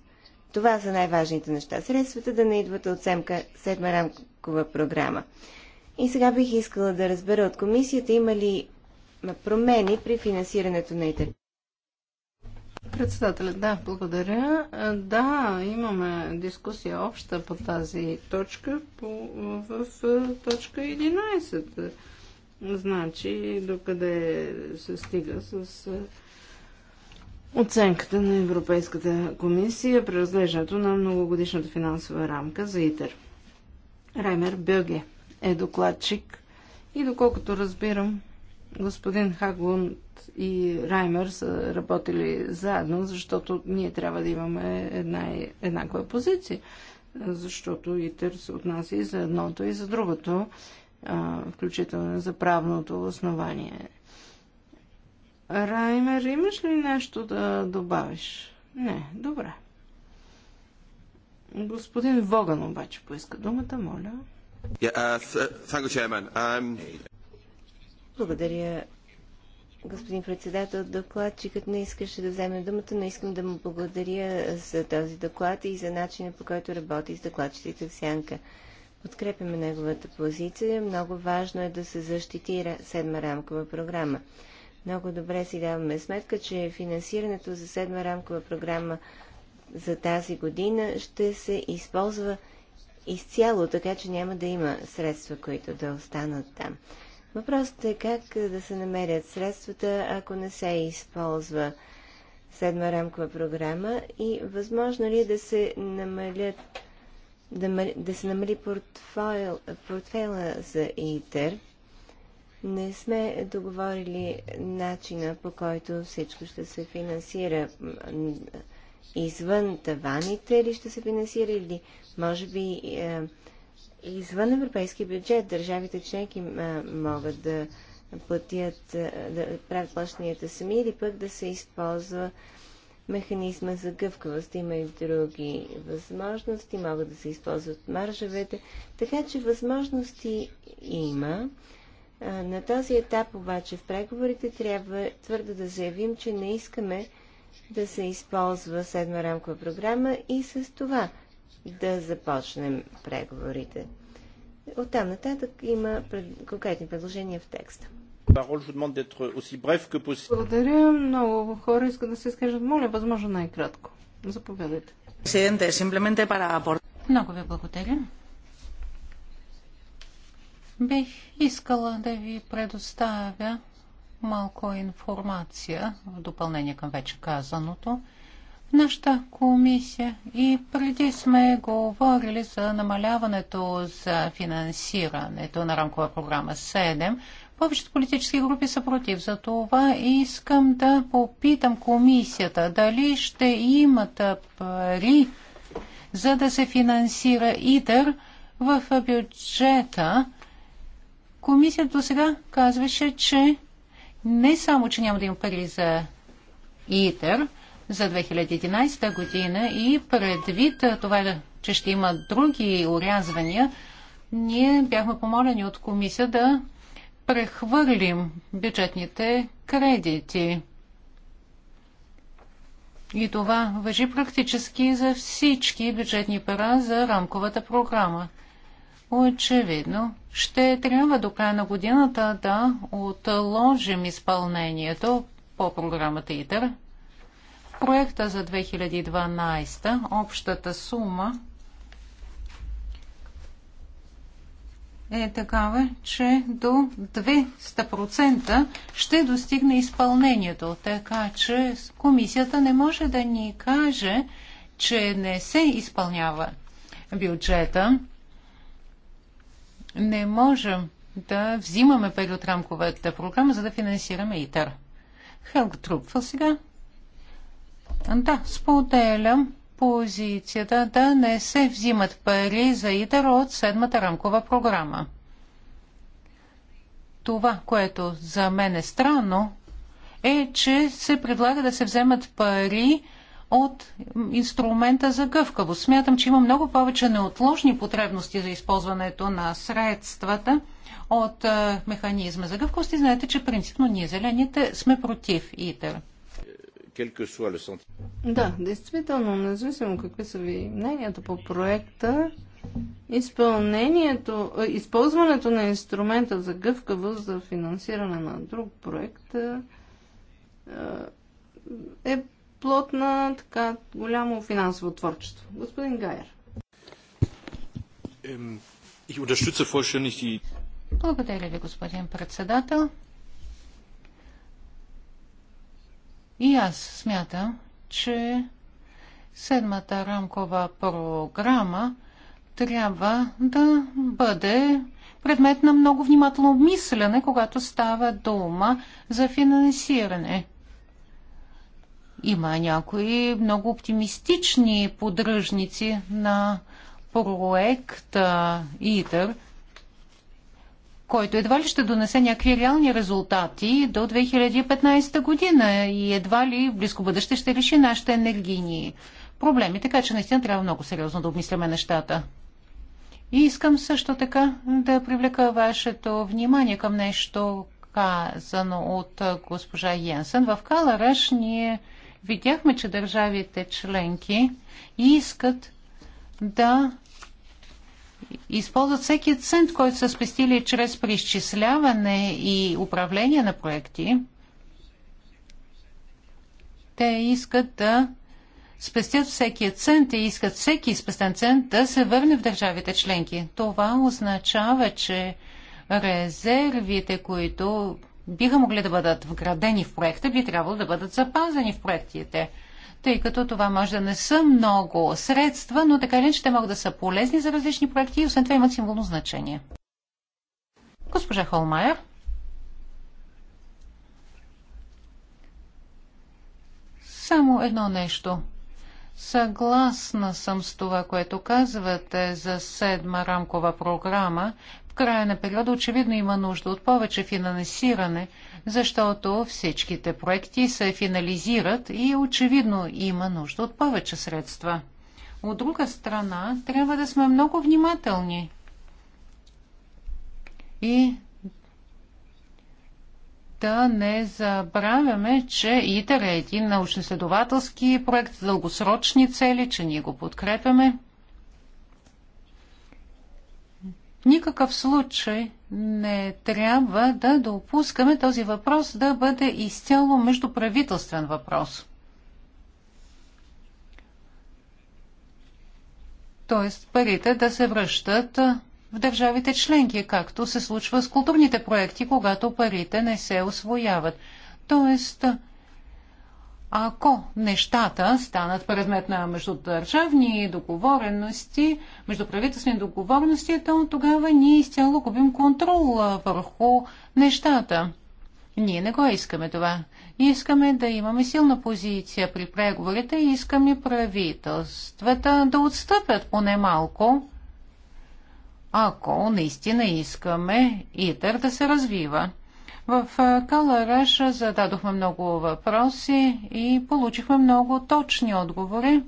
Това са най-важните неща. Средствата да не идват от семка, седма рамкова програма. И сега бих искала да разбера от комисията има ли промени при финансирането на Италия. Председателят, да, благодаря. Да, имаме дискусия обща по тази точка, по, в, в точка 11. Значи, докъде се стига с е, оценката на Европейската комисия при разглеждането на многогодишната финансова рамка за ИТЕР. Раймер Бюге е докладчик и доколкото разбирам, господин Хаглунд и Раймер са работили заедно, защото ние трябва да имаме една, еднаква позиция. Защото ИТЕР се отнася и за едното, и за другото, включително за правното основание. Раймер, имаш ли нещо да добавиш? Не, добре. Господин Воган обаче поиска думата, моля. Yeah, uh, um, благодаря, господин председател. Докладчикът не искаше да вземе думата, но искам да му благодаря за този доклад и за начина по който работи с докладчиците в Сянка. Подкрепяме неговата позиция. Много важно е да се защити седма рамкова програма. Много добре си даваме сметка, че финансирането за седма рамкова програма за тази година ще се използва изцяло, така че няма да има средства, които да останат там. Въпросът е как да се намерят средствата, ако не се използва седма рамкова програма и възможно ли е да се намалят да, да се намали портфейл, портфейла за ИТЕР. Не сме договорили начина по който всичко ще се финансира извън таваните или ще се финансира или може би е, извън европейски бюджет държавите членки могат да платят, да правят плащанията сами или пък да се използва механизма за гъвкавост. Има и други възможности, могат да се използват маржовете, така че възможности има. На този етап обаче в преговорите трябва твърдо да заявим, че не искаме да се използва седма рамкова програма и с това – да започнем преговорите. Оттам нататък има пред... конкретни предложения в текста. Благодаря. Много хора искат да се изкажат. Моля, възможно най-кратко. Заповядайте. Много ви благодаря. Бих искала да ви предоставя малко информация в допълнение към вече казаното. Нашата комисия и преди сме говорили за намаляването за финансирането на рамкова програма 7. Повечето политически групи са против. За това искам да попитам комисията дали ще имат пари за да се финансира ИТЕР в бюджета. Комисията до сега казваше, че не само, че няма да има пари за ИТЕР, за 2011 година и предвид това, е, че ще има други урязвания, ние бяхме помолени от комисия да прехвърлим бюджетните кредити. И това въжи практически за всички бюджетни пера за рамковата програма. Очевидно, ще трябва до края на годината да отложим изпълнението по програмата ИТЕР проекта за 2012 общата сума е такава, че до 200% ще достигне изпълнението. Така че комисията не може да ни каже, че не се изпълнява бюджета. Не можем да взимаме пари от рамковата програма, за да финансираме ИТАР. Хелг сега. Да, споделям позицията да не се взимат пари за ИТР от седмата рамкова програма. Това, което за мен е странно, е, че се предлага да се вземат пари от инструмента за гъвкаво. Смятам, че има много повече неотложни потребности за използването на средствата от механизма за гъвкавост и знаете, че принципно ние зелените сме против ИТЕР. Да, действително, независимо какви са ви мненията по проекта, изпълнението, е, използването на инструмента за гъвкавост за финансиране на друг проект е, е плод на така голямо финансово творчество. Господин Гайер. Благодаря ви, господин председател. И аз смятам, че седмата рамкова програма трябва да бъде предмет на много внимателно мислене, когато става дума за финансиране. Има някои много оптимистични подръжници на проекта ИДР – който едва ли ще донесе някакви реални резултати до 2015 година и едва ли в близко бъдеще ще реши нашите енергийни проблеми. Така че наистина трябва много сериозно да обмисляме нещата. И искам също така да привлека вашето внимание към нещо казано от госпожа Йенсен. В Калараш ние видяхме, че държавите членки искат да използват всеки цент, който са спестили чрез преизчисляване и управление на проекти. Те искат да спестят всеки цент и искат всеки спестен цент да се върне в държавите членки. Това означава, че резервите, които биха могли да бъдат вградени в проекта, би трябвало да бъдат запазени в проектите тъй като това може да не са много средства, но така ли, че те могат да са полезни за различни проекти и освен това имат символно значение. Госпожа Холмайер. Само едно нещо. Съгласна съм с това, което казвате за седма рамкова програма в края на периода очевидно има нужда от повече финансиране, защото всичките проекти се финализират и очевидно има нужда от повече средства. От друга страна, трябва да сме много внимателни и да не забравяме, че ИТР е един научно-следователски проект с дългосрочни цели, че ние го подкрепяме. никакъв случай не трябва да допускаме този въпрос да бъде изцяло междуправителствен въпрос. Тоест парите да се връщат в държавите членки, както се случва с културните проекти, когато парите не се освояват. Тоест, ако нещата станат предмет на междудържавни договорености, междуправителствени договорености, е то тогава ние изцяло губим контрол върху нещата. Ние не го искаме това. Искаме да имаме силна позиция при преговорите и искаме правителствата да отстъпят поне малко, ако наистина искаме ИТЕР да се развива. В Калараш зададохме много въпроси и получихме много точни отговори.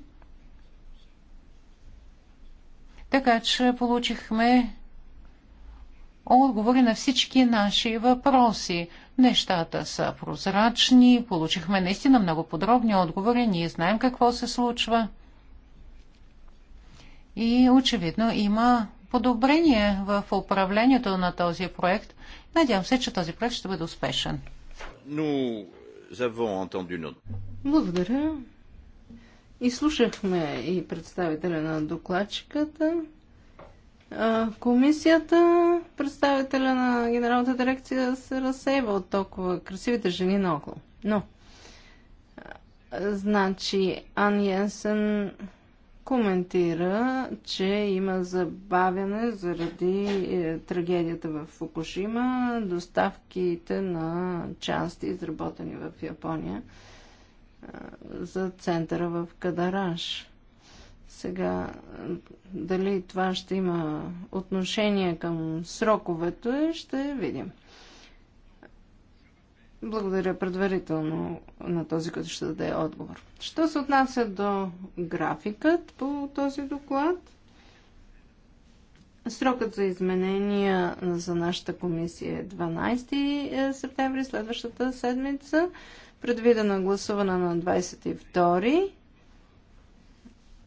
Така че получихме отговори на всички наши въпроси. Нещата са прозрачни, получихме наистина много подробни отговори, ние знаем какво се случва. И очевидно има подобрение в управлението на този проект, Надявам се, че този проект ще бъде успешен. Благодаря. И слушахме и представителя на докладчиката, комисията, представителя на генералната дирекция се разсейва от толкова красивите жени наоколо. Но, значи, Ан Йенсен коментира, че има забавяне заради е, трагедията в Фукушима, доставките на части, изработени в Япония, е, за центъра в Кадараш. Сега, е, дали това ще има отношение към сроковете, ще видим. Благодаря предварително на този, който ще даде отговор. Що се отнася до графикът по този доклад? Срокът за изменения за нашата комисия е 12 е, септември, следващата седмица. Предвидено е гласуване на 22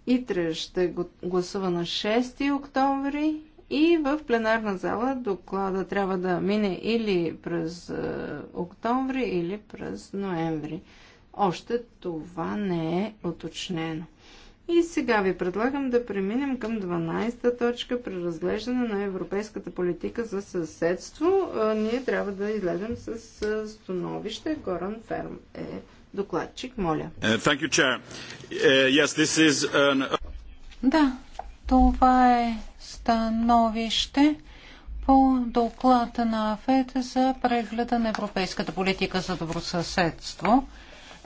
Итре ще гласува на 6 октомври и в пленарна зала доклада трябва да мине или през е, октомври, или през ноември. Още това не е оточнено. И сега ви предлагам да преминем към 12-та точка при разглеждане на европейската политика за съседство. Е, ние трябва да излезем с е, становище. Горан Ферм е докладчик. Моля. You, yes, an... Да, това е становище по доклад на АФЕД за прегледа на европейската политика за добросъседство.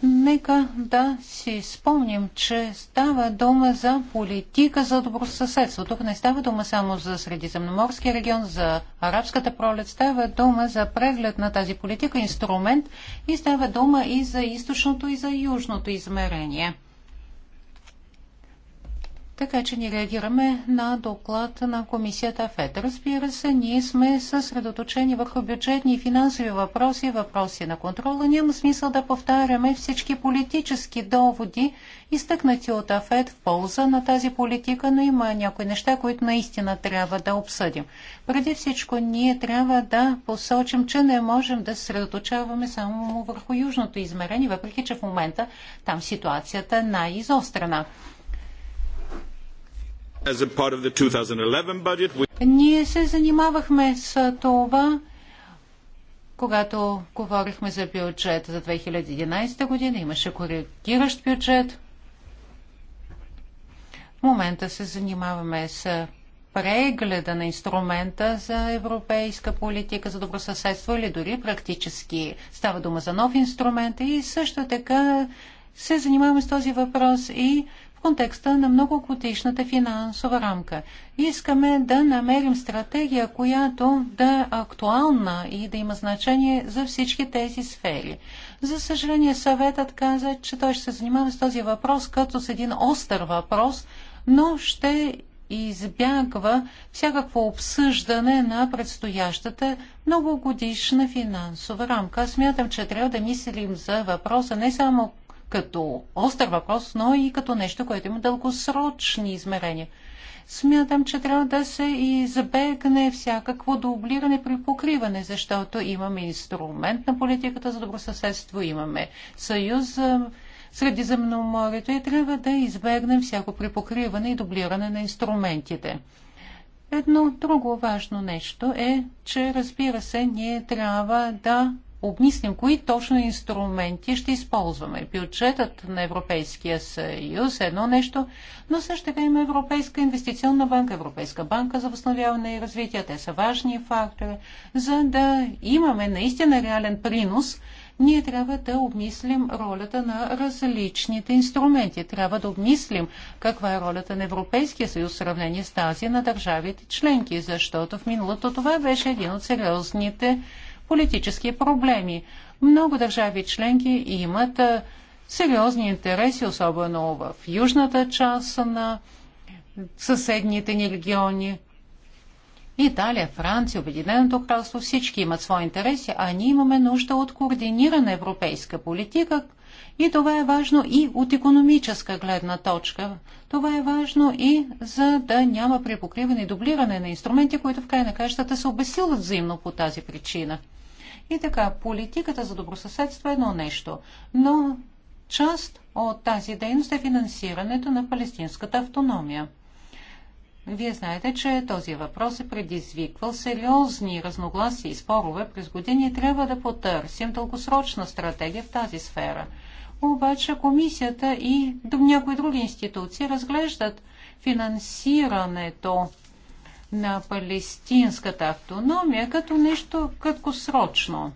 Нека да си спомним, че става дума за политика за добросъседство. Тук не става дума само за Средиземноморския регион, за арабската пролет. Става дума за преглед на тази политика, инструмент и става дума и за източното и за южното измерение – така че ни реагираме на доклад на комисията ФЕД. Разбира се, ние сме съсредоточени върху бюджетни и финансови въпроси, въпроси на контрола. Няма смисъл да повтаряме всички политически доводи, изтъкнати от АФЕД в полза на тази политика, но има някои неща, които наистина трябва да обсъдим. Преди всичко ние трябва да посочим, че не можем да се средоточаваме само върху южното измерение, въпреки че в момента там ситуацията е най-изострена. Budget... Ние се занимавахме с това, когато говорихме за бюджет за 2011 година. Имаше коригиращ бюджет. В момента се занимаваме с прегледа на инструмента за европейска политика за добросъседство или дори практически става дума за нов инструмент и също така се занимаваме с този въпрос и контекста на многокотичната финансова рамка. Искаме да намерим стратегия, която да е актуална и да има значение за всички тези сфери. За съжаление, съветът каза, че той ще се занимава с този въпрос като с един остър въпрос, но ще избягва всякакво обсъждане на предстоящата многогодишна финансова рамка. Аз смятам, че трябва да мислим за въпроса не само като остър въпрос, но и като нещо, което има дългосрочни измерения. Смятам, че трябва да се избегне всякакво дублиране при покриване, защото имаме инструмент на политиката за добросъседство, имаме съюз за Средиземноморието и трябва да избегнем всяко припокриване и дублиране на инструментите. Едно друго важно нещо е, че разбира се, ние трябва да обмислим кои точно инструменти ще използваме. Бюджетът на Европейския съюз е едно нещо, но също така има Европейска инвестиционна банка, Европейска банка за възстановяване и развитие. Те са важни фактори. За да имаме наистина реален принос, ние трябва да обмислим ролята на различните инструменти. Трябва да обмислим каква е ролята на Европейския съюз в сравнение с тази на държавите членки, защото в миналото това беше един от сериозните политически проблеми. Много държави членки имат сериозни интереси, особено в южната част на съседните ни региони. Италия, Франция, Обединеното кралство, всички имат свои интереси, а ние имаме нужда от координирана европейска политика, и това е важно и от економическа гледна точка. Това е важно и за да няма препокриване и дублиране на инструменти, които в край на кащата се обесилват взаимно по тази причина. И така, политиката за добросъседство е едно нещо, но част от тази дейност е финансирането на палестинската автономия. Вие знаете, че този въпрос е предизвиквал сериозни разногласия и спорове през години и трябва да потърсим дългосрочна стратегия в тази сфера. Обаче комисията и някои други институции разглеждат финансирането на палестинската автономия като нещо краткосрочно.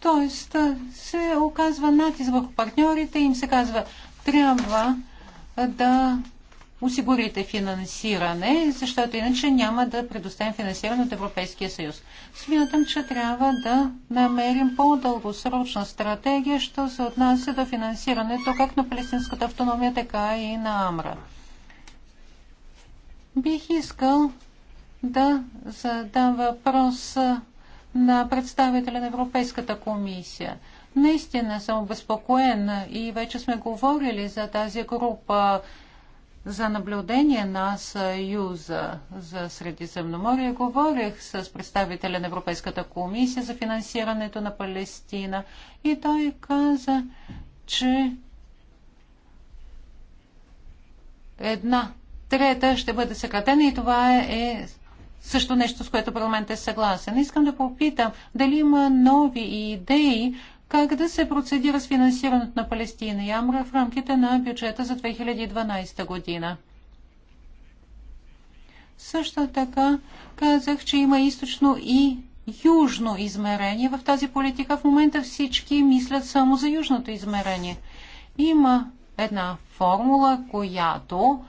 Тоест се оказва натиск върху партньорите и им се казва, трябва да осигурите финансиране, защото иначе няма да предоставим финансиране от Европейския съюз. Смятам, че трябва да намерим по-дългосрочна стратегия, що се отнася до финансирането как на палестинската автономия, така и на Амра. Бих искал да задам въпрос на представителя на Европейската комисия. Наистина съм обезпокоен и вече сме говорили за тази група за наблюдение на Съюза за Средиземноморие. Говорих с представителя на Европейската комисия за финансирането на Палестина и той каза, че една трета ще бъде съкратена и това е също нещо, с което парламент е съгласен. Искам да попитам дали има нови идеи как да се процедира с финансирането на Палестина и Амра в рамките на бюджета за 2012 година. Също така казах, че има източно и южно измерение в тази политика. В момента всички мислят само за южното измерение. Има една формула, която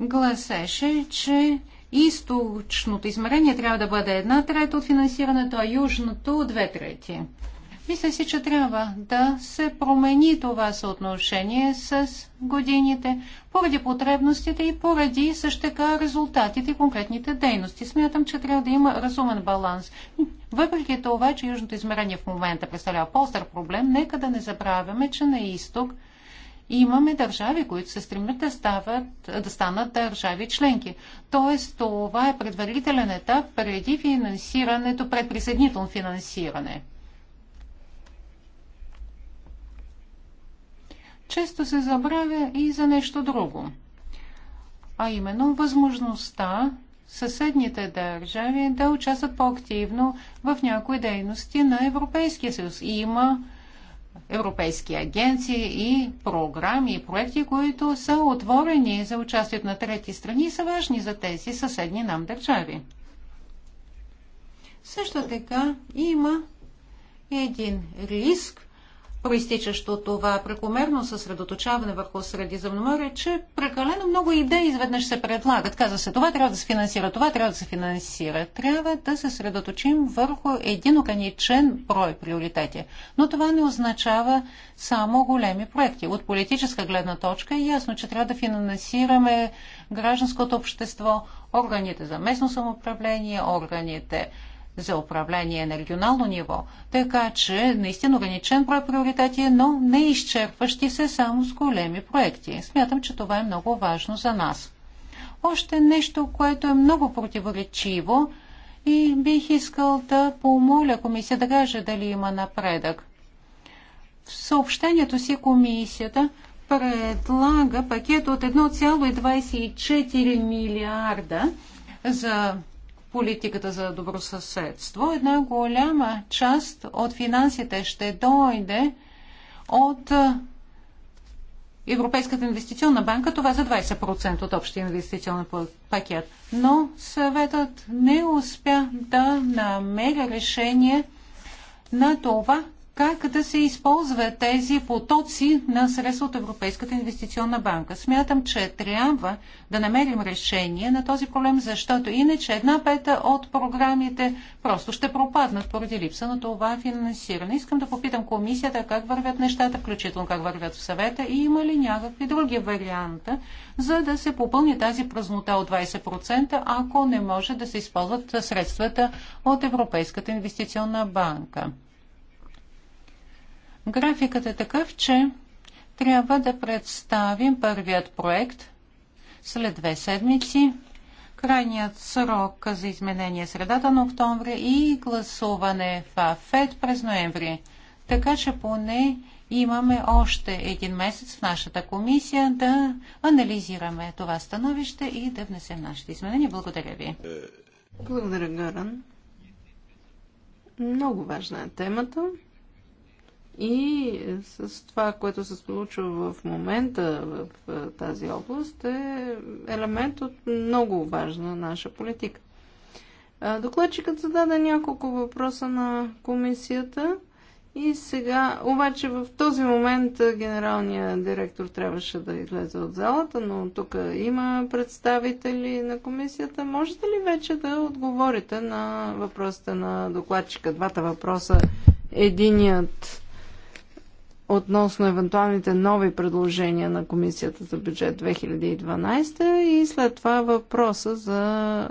гласеше, че източното измерение трябва да бъде една трета от финансирането, а южното две трети. Мисля си, че трябва да се промени това съотношение с годините, поради потребностите и поради също така резултатите и конкретните дейности. Смятам, че трябва да има разумен баланс. Въпреки това, че южното измерение в момента представлява по-стар проблем, нека да не забравяме, че на изток – и имаме държави, които се стремят да, стават, да станат държави членки. Тоест, това е предварителен етап преди финансирането, предприсъединително финансиране. Често се забравя и за нещо друго, а именно възможността съседните държави да участват по-активно в някои дейности на Европейския съюз. И има европейски агенции и програми и проекти, които са отворени за участието на трети страни и са важни за тези съседни нам държави. Също така има един риск проистичащо това прекомерно съсредоточаване върху Средиземноморие, че прекалено много идеи изведнъж се предлагат. Казва се, това трябва да се финансира, това трябва да се финансира. Трябва да се средоточим върху един ограничен брой приоритети. Но това не означава само големи проекти. От политическа гледна точка е ясно, че трябва да финансираме гражданското общество, органите за местно самоуправление, органите за управление на регионално ниво. Така че наистина ограничен брой приоритети, но не изчерпващи се само с големи проекти. Смятам, че това е много важно за нас. Още нещо, което е много противоречиво и бих искал да помоля комисия да каже дали има напредък. В съобщението си комисията предлага пакет от 1,24 милиарда за политиката за добросъседство, една голяма част от финансите ще дойде от Европейската инвестиционна банка, това за 20% от общия инвестиционен пакет. Но съветът не успя да намери решение на това как да се използват тези потоци на средства от Европейската инвестиционна банка. Смятам, че трябва да намерим решение на този проблем, защото иначе една пета от програмите просто ще пропаднат поради липса на това финансиране. Искам да попитам комисията как вървят нещата, включително как вървят в съвета и има ли някакви други варианта, за да се попълни тази празнота от 20%, ако не може да се използват средствата от Европейската инвестиционна банка. Графикът е такъв, че трябва да представим първият проект след две седмици. Крайният срок за изменение е средата на октомври и гласуване в АФЕД през ноември. Така че поне имаме още един месец в нашата комисия да анализираме това становище и да внесем нашите изменения. Благодаря ви. Благодаря, Гаран. Много важна е темата. И с това, което се случва в момента в тази област, е елемент от много важна наша политика. Докладчикът зададе няколко въпроса на комисията и сега, обаче в този момент генералният директор трябваше да излезе от залата, но тук има представители на комисията. Можете ли вече да отговорите на въпросите на докладчика? Двата въпроса. Единият относно евентуалните нови предложения на Комисията за бюджет 2012 и след това въпроса за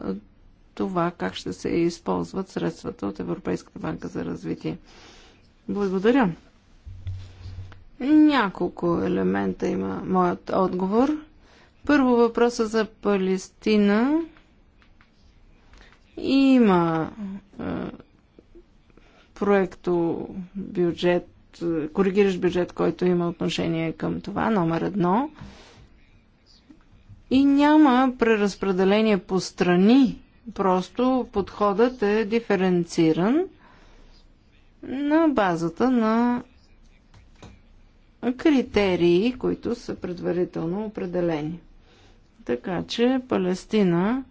това как ще се използват средствата от Европейската банка за развитие. Благодаря. Няколко елемента има моят отговор. Първо въпроса за Палестина. Има е, проекто бюджет е, коригираш бюджет, който има отношение към това, номер едно. И няма преразпределение по страни, просто подходът е диференциран на базата на критерии, които са предварително определени. Така че Палестина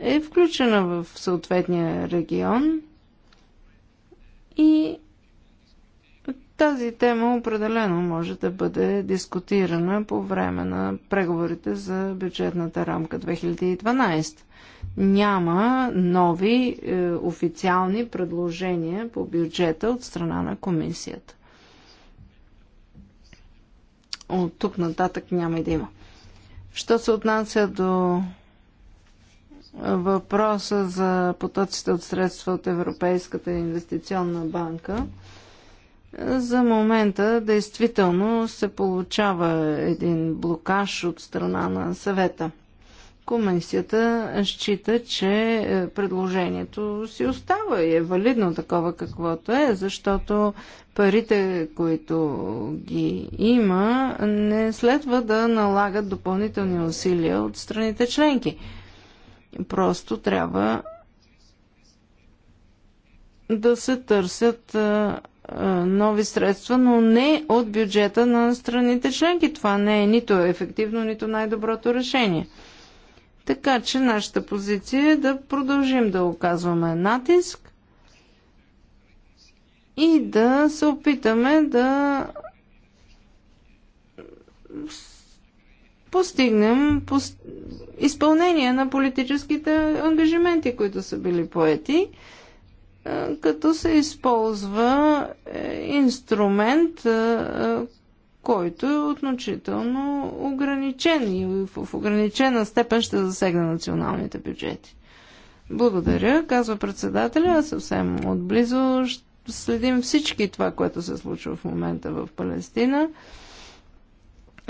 е включена в съответния регион и тази тема определено може да бъде дискутирана по време на преговорите за бюджетната рамка 2012. Няма нови е, официални предложения по бюджета от страна на комисията. От тук нататък няма и да има. Що се отнася до въпроса за потоците от средства от Европейската инвестиционна банка, за момента действително се получава един блокаж от страна на съвета. Комисията счита, че е, предложението си остава и е валидно такова каквото е, защото парите, които ги има, не следва да налагат допълнителни усилия от страните членки. Просто трябва да се търсят е, нови средства, но не от бюджета на страните членки. Това не е нито ефективно, нито най-доброто решение. Така че нашата позиция е да продължим да оказваме натиск и да се опитаме да постигнем изпълнение на политическите ангажименти, които са били поети като се използва е, инструмент, който е относително ограничен и в ограничена степен ще засегне националните бюджети. Благодаря, казва председателя. Съвсем отблизо следим всички това, което се случва в момента в Палестина.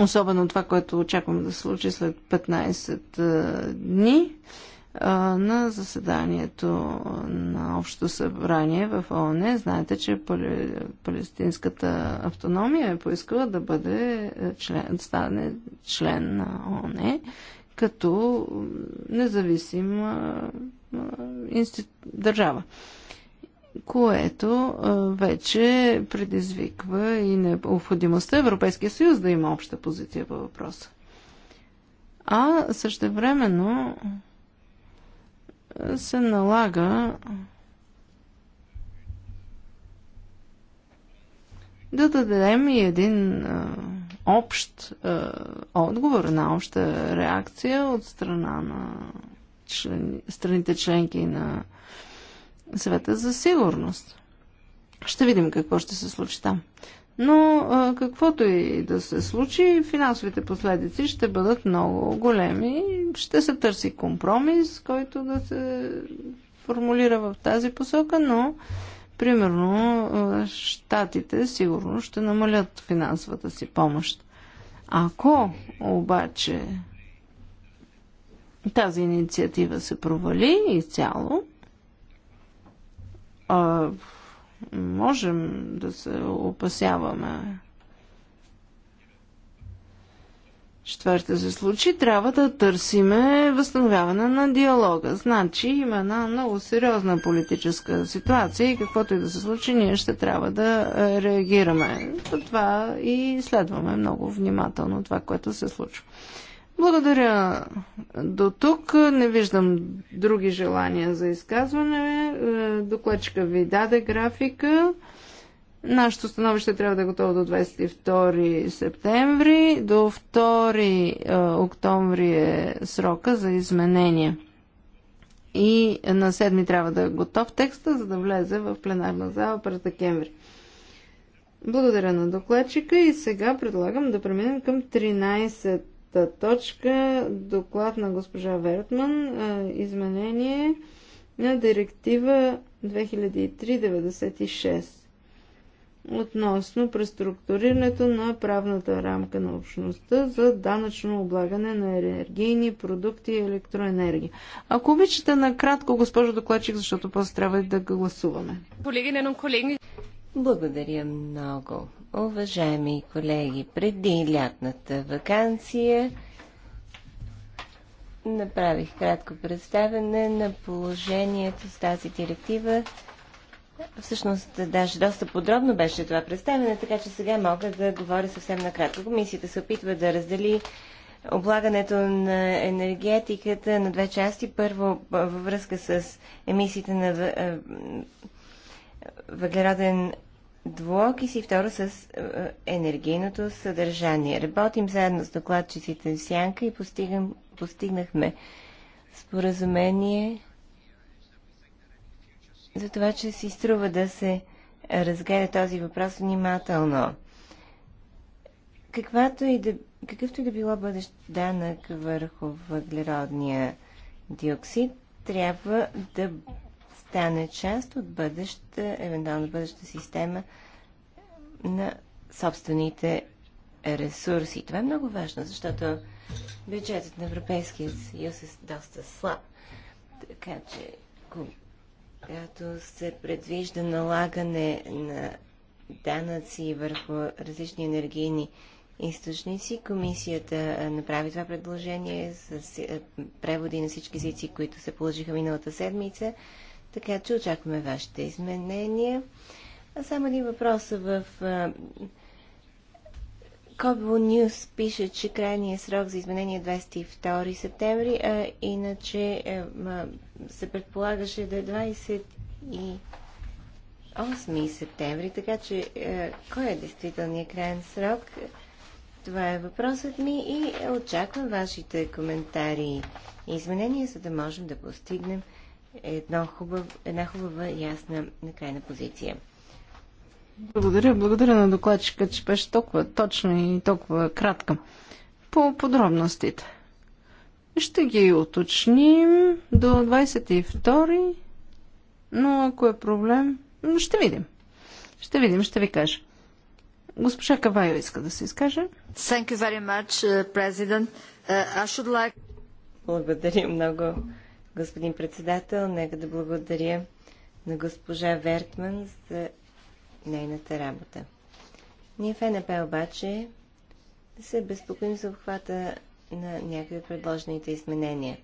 Особено това, което очаквам да се случи след 15 дни на заседанието на Общото събрание в ООН. Знаете, че палестинската автономия е поискала да бъде е, член, стане член на ООН като независима държава което вече предизвиква и необходимостта Европейския съюз да има обща позиция по въпроса. А също времено се налага да дадем и един общ отговор, на обща реакция от страна на член, страните членки на съвета за сигурност. Ще видим какво ще се случи там но каквото и да се случи, финансовите последици ще бъдат много големи. Ще се търси компромис, който да се формулира в тази посока, но примерно щатите сигурно ще намалят финансовата си помощ. Ако обаче тази инициатива се провали изцяло, а, можем да се опасяваме, че се случи, трябва да търсиме възстановяване на диалога. Значи има една много сериозна политическа ситуация и каквото и да се случи, ние ще трябва да е, реагираме. това и следваме много внимателно това, което се случва. Благодаря. До тук не виждам други желания за изказване. Е, докладчика ви даде графика. Нашето становище трябва да е готово до 22 септември. До 2 е, октомври е срока за изменение. И на 7 трябва да е готов текста, за да влезе в пленарна зала през декември. Благодаря на докладчика и сега предлагам да преминем към 13 Та точка, доклад на госпожа Вертман, изменение на директива 2003-96 относно преструктурирането на правната рамка на общността за данъчно облагане на енергийни продукти и електроенергия. Ако обичате накратко, госпожо докладчик, защото после трябва да гласуваме. Благодаря много. Уважаеми колеги, преди лятната вакансия направих кратко представяне на положението с тази директива. Всъщност, даже доста подробно беше това представяне, така че сега мога да говоря съвсем накратко. Комисията се опитва да раздели облагането на енергетиката на две части. Първо, във връзка с емисиите на въглероден двуокис си второ с е, е, енергийното съдържание. Работим заедно с докладчиците в Сянка и постигам, постигнахме споразумение за това, че си струва да се разгледа този въпрос внимателно. Каквато и да, какъвто и да било бъдещ данък върху въглеродния диоксид, трябва да стане част от бъдеща, евентуално бъдеща система на собствените ресурси. Това е много важно, защото бюджетът на Европейския съюз е доста слаб. Така че, когато се предвижда налагане на данъци върху различни енергийни източници, комисията направи това предложение с е, преводи на всички езици, които се положиха миналата седмица така че очакваме вашите изменения. А само един въпрос в Кобо Ньюс пише, че крайният срок за изменение е 22 септември, а иначе е, а, се предполагаше да е 28 септември, така че а, е, кой е действителният крайен срок? Това е въпросът ми и очаквам вашите коментари и изменения, за да можем да постигнем едно хубав, една хубава, ясна крайна позиция. Благодаря, благодаря на докладчика, че беше толкова точно и толкова кратка. По подробностите. Ще ги уточним до 22, но ако е проблем, ще видим. Ще видим, ще ви кажа. Госпожа Кавайо иска да се изкаже. Thank you very much, uh, President. Uh, I should like... Благодаря много, Господин председател, нека да благодаря на госпожа Вертман за нейната работа. Ние в НП обаче се безпокоим за обхвата на някои предложените изменения.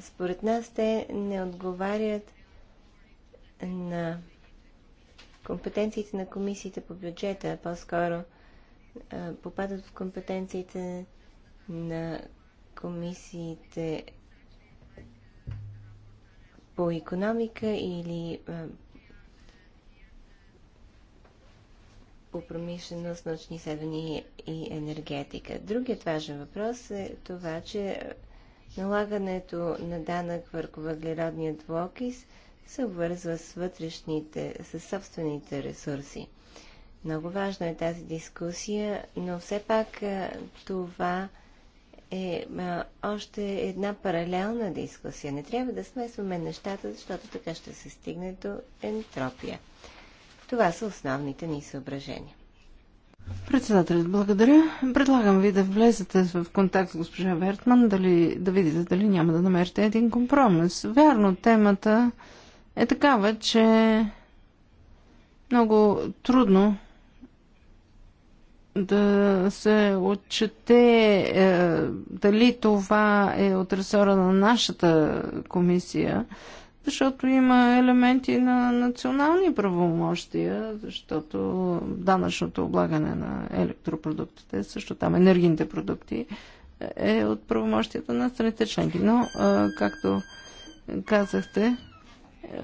Според нас те не отговарят на компетенциите на комисиите по бюджета, а по-скоро попадат в компетенциите на комисиите по економика или по промишленост, научни изследвания и енергетика. Другият важен въпрос е това, че налагането на данък върху въглеродния двуокис се обвързва с вътрешните, с собствените ресурси. Много важна е тази дискусия, но все пак това е а, още една паралелна дискусия. Не трябва да смесваме нещата, защото така ще се стигне до ентропия. Това са основните ни съображения. Председателят, благодаря. Предлагам ви да влезете в контакт с госпожа Вертман, дали, да видите дали няма да намерите един компромис. Вярно, темата е такава, че много трудно да се отчете е, дали това е от ресора на нашата комисия, защото има елементи на национални правомощия, защото данъчното облагане на електропродуктите, също там енергийните продукти, е от правомощията на страните членки. Но, е, както казахте, е,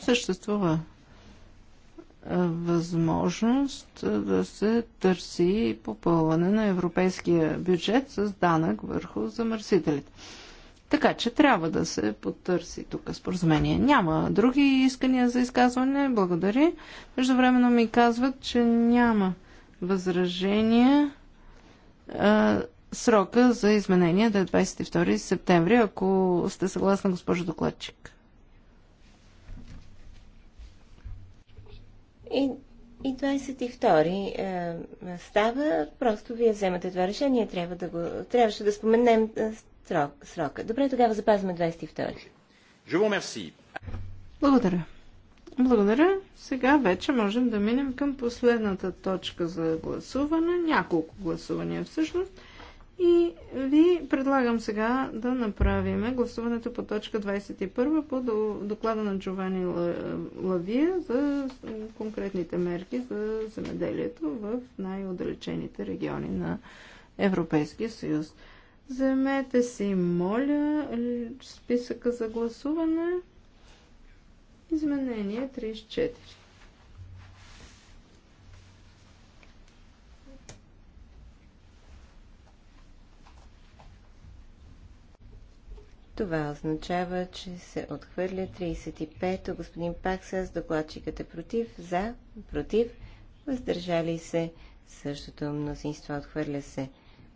съществува е, възможност е, да се търси попълване на европейския бюджет с данък върху замърсителите. Така че трябва да се потърси тук споразумение. Няма други искания за изказване. Благодаря. Междувременно ми казват, че няма възражения. Е, срока за изменение да е 22 септември, ако сте съгласна, госпожо докладчик. И, 22 и 22 е, става, просто вие вземате това решение, трябва да го, трябваше да споменем е, срок, срока. Добре, тогава запазваме 22. Je Благодаря. Благодаря. Сега вече можем да минем към последната точка за гласуване. Няколко гласувания всъщност. И ви предлагам сега да направим гласуването по точка 21 по доклада на Джовани Лавия за конкретните мерки за земеделието в най-отдалечените региони на Европейския съюз. Вземете си, моля, списъка за гласуване. Изменение 34. Това означава, че се отхвърля 35-то. Господин Паксас, докладчикът е против, за, против, въздържали се. Същото мнозинство отхвърля се.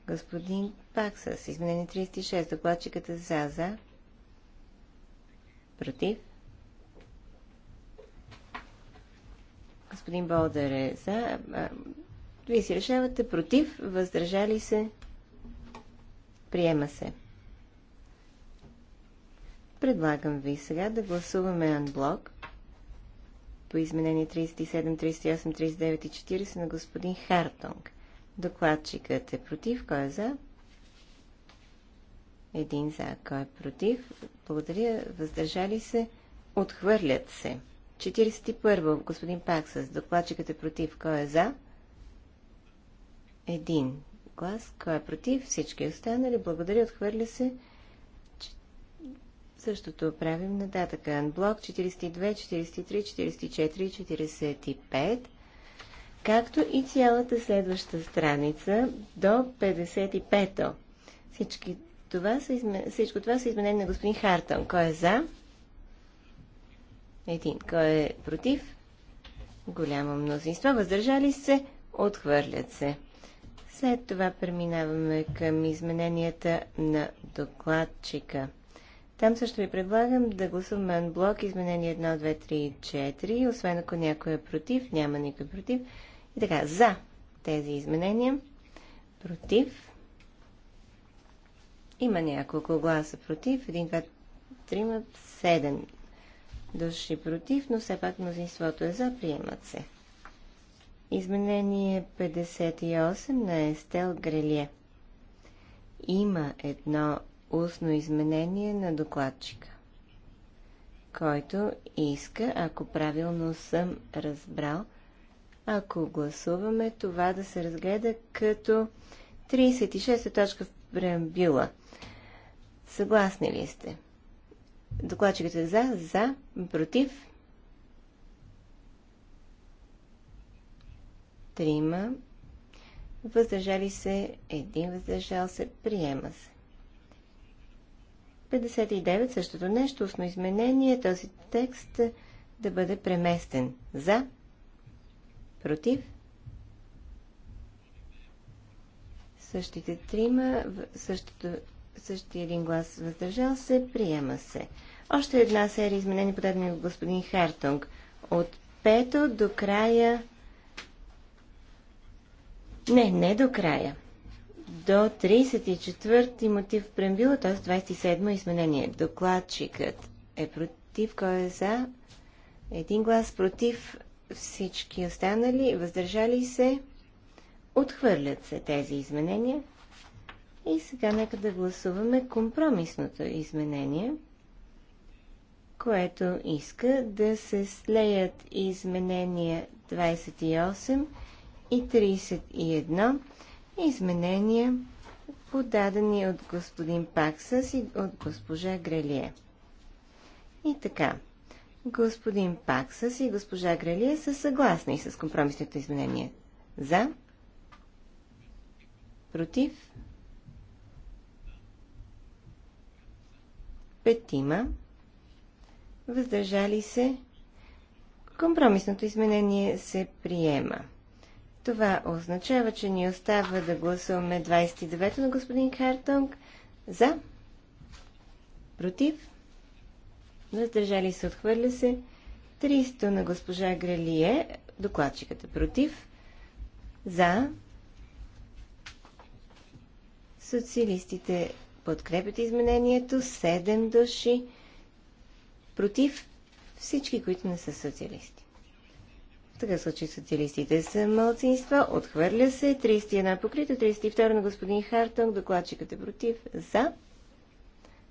Господин Паксас, изменение 36, докладчикът е за, за, против. Господин Болдър е за. А, вие си решавате против, въздържали се, приема се. Предлагам ви сега да гласуваме анблок по изменение 37, 38, 39 и 40 на господин Хартонг. Докладчикът е против. Кой е за? Един за. Кой е против? Благодаря. Въздържали се? Отхвърлят се. 41. Господин Паксас. Докладчикът е против. Кой е за? Един глас. Кой е против? Всички останали. Благодаря. Отхвърля се. Същото правим нататък. Блок 42, 43, 44 45, както и цялата следваща страница до 55-то. Всички това са измен... Всичко това са изменени на господин Хартон. Кой е за? Един. Кой е против? Голямо мнозинство. Въздържали се? Отхвърлят се. След това преминаваме към измененията на докладчика. Там също ви предлагам да гласуваме анблок изменение 1, 2, 3 и 4, освен ако някой е против, няма никой против. И така, за тези изменения, против, има няколко гласа против, 1, 2, 3, 7 души против, но все пак мнозинството е за, приемат се. Изменение 58 на Естел Грелие. Има едно устно изменение на докладчика, който иска, ако правилно съм разбрал, ако гласуваме това да се разгледа като 36-та точка в преамбюла. Съгласни ли сте? Докладчикът е за, за, против. Трима. Въздържали се, един въздържал се, приема се. 59 същото нещо, устно изменение, този текст да бъде преместен. За? Против? Същите трима, същото, същия един глас въздържал се, приема се. Още една серия изменени подадени от господин Хартонг. От пето до края... Не, не до края до 34 мотив в преамбила, т.е. 27 изменение. Докладчикът е против, кой е за? Един глас против, всички останали, въздържали се, отхвърлят се тези изменения. И сега нека да гласуваме компромисното изменение, което иска да се слеят изменения 28 и 31 изменения, подадени от господин Паксас и от госпожа Грелие. И така, господин Паксас и госпожа Грелие са съгласни с компромисните изменения. За? Против? Петима? Въздържали се? Компромисното изменение се приема. Това означава, че ни остава да гласуваме 29-то на господин Хартонг. За. Против. Въздържали се, отхвърля се. 300 на госпожа Грелие. Докладчиката е против. За. Социалистите подкрепят изменението. 7 души. Против. Всички, които не са социалисти. Така случи случай социалистите са мълцинства. Отхвърля се. 31 покрито. 32 на господин Хартон. Докладчикът е против. За.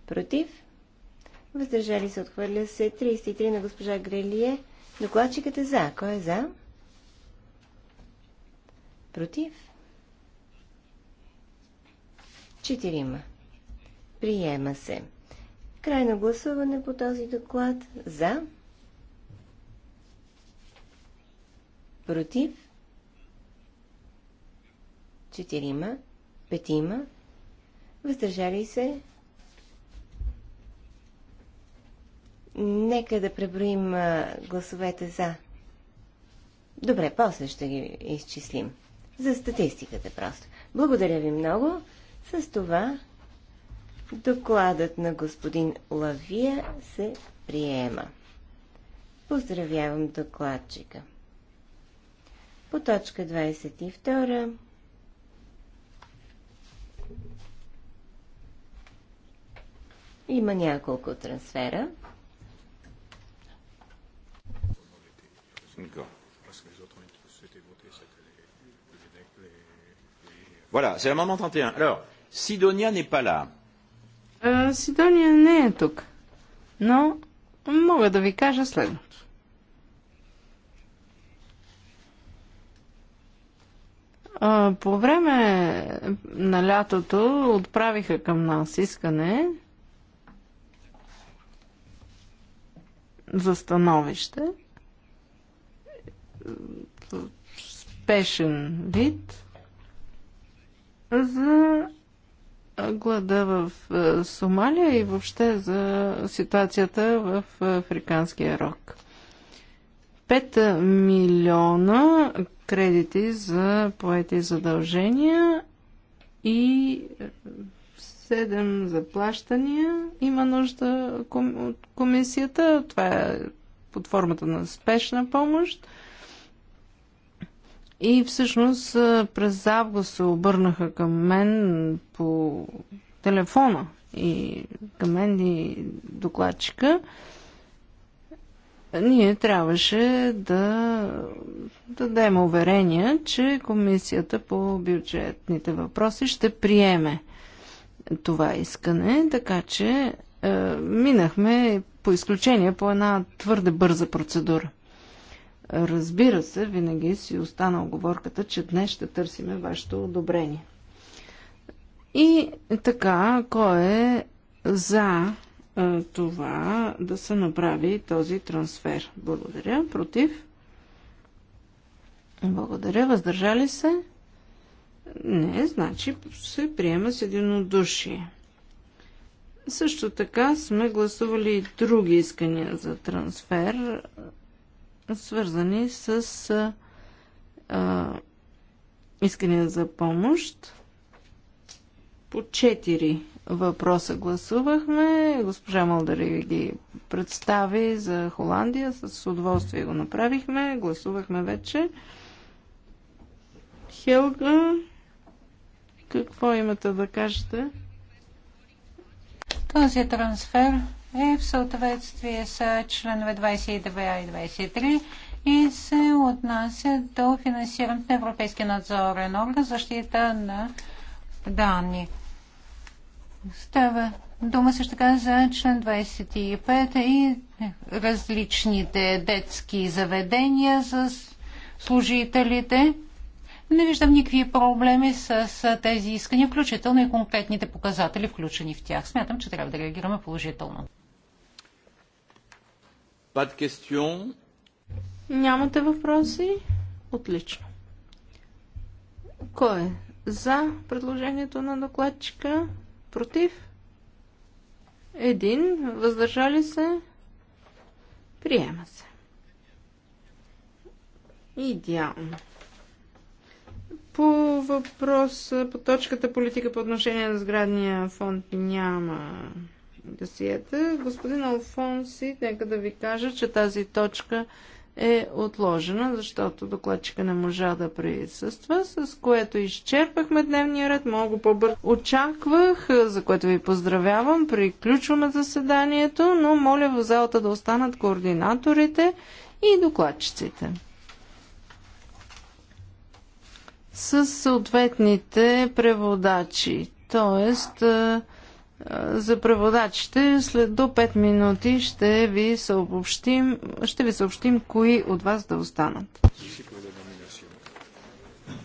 Против. Въздържали се. Отхвърля се. 33 на госпожа Грелие. Докладчикът е за. Кой е за? Против. Четирима. Приема се. Крайно гласуване по този доклад. За. против, четирима, петима, въздържали се. Нека да преброим гласовете за. Добре, после ще ги изчислим. За статистиката просто. Благодаря ви много. С това докладът на господин Лавия се приема. Поздравявам докладчика. По точка 22 има няколко трансфера. Voilà, c'est la maman 31. Alors, Sidonia n'est pas là. Euh, Сидония не е тук, но мога да ви кажа следното. По време на лятото отправиха към нас искане за становище спешен вид за глада в Сомалия и въобще за ситуацията в Африканския рок. 5 милиона кредити за поети задължения и 7 заплащания има нужда от комисията. Това е под формата на спешна помощ. И всъщност през август се обърнаха към мен по телефона и към мен и докладчика ние трябваше да дадем уверение, че Комисията по бюджетните въпроси ще приеме това искане, така че е, минахме по изключение по една твърде бърза процедура. Разбира се, винаги си остана оговорката, че днес ще търсиме вашето одобрение. И така, кой е за това да се направи този трансфер. Благодаря. Против? Благодаря. Въздържали се? Не, значи се приема с единодушие. Също така сме гласували и други искания за трансфер, свързани с а, искания за помощ по четири въпроса гласувахме. Госпожа Малдари ги представи за Холандия. С удоволствие го направихме. Гласувахме вече. Хелга, какво имате да кажете? Този трансфер е в съответствие с членове 22 и 23 и се отнася до финансирането на Европейския надзорен орган защита на данни. Става дума също така за член 25 и различните детски заведения за служителите. Не виждам никакви проблеми с тези искания, включително и конкретните показатели, включени в тях. Смятам, че трябва да реагираме положително. Нямате въпроси? Отлично. Кой е за предложението на докладчика? Против? Един. Въздържали се? Приема се. Идеално. По въпрос, по точката политика по отношение на сградния фонд няма досиета. Господин Алфонси, нека да ви кажа, че тази точка е отложена, защото докладчика не можа да присъства, с което изчерпахме дневния ред много по-бързо. Очаквах, за което ви поздравявам, приключваме заседанието, но моля в залата да останат координаторите и докладчиците. С съответните преводачи, т.е за преводачите след до 5 минути ще ви съобщим, ще ви съобщим кои от вас да останат.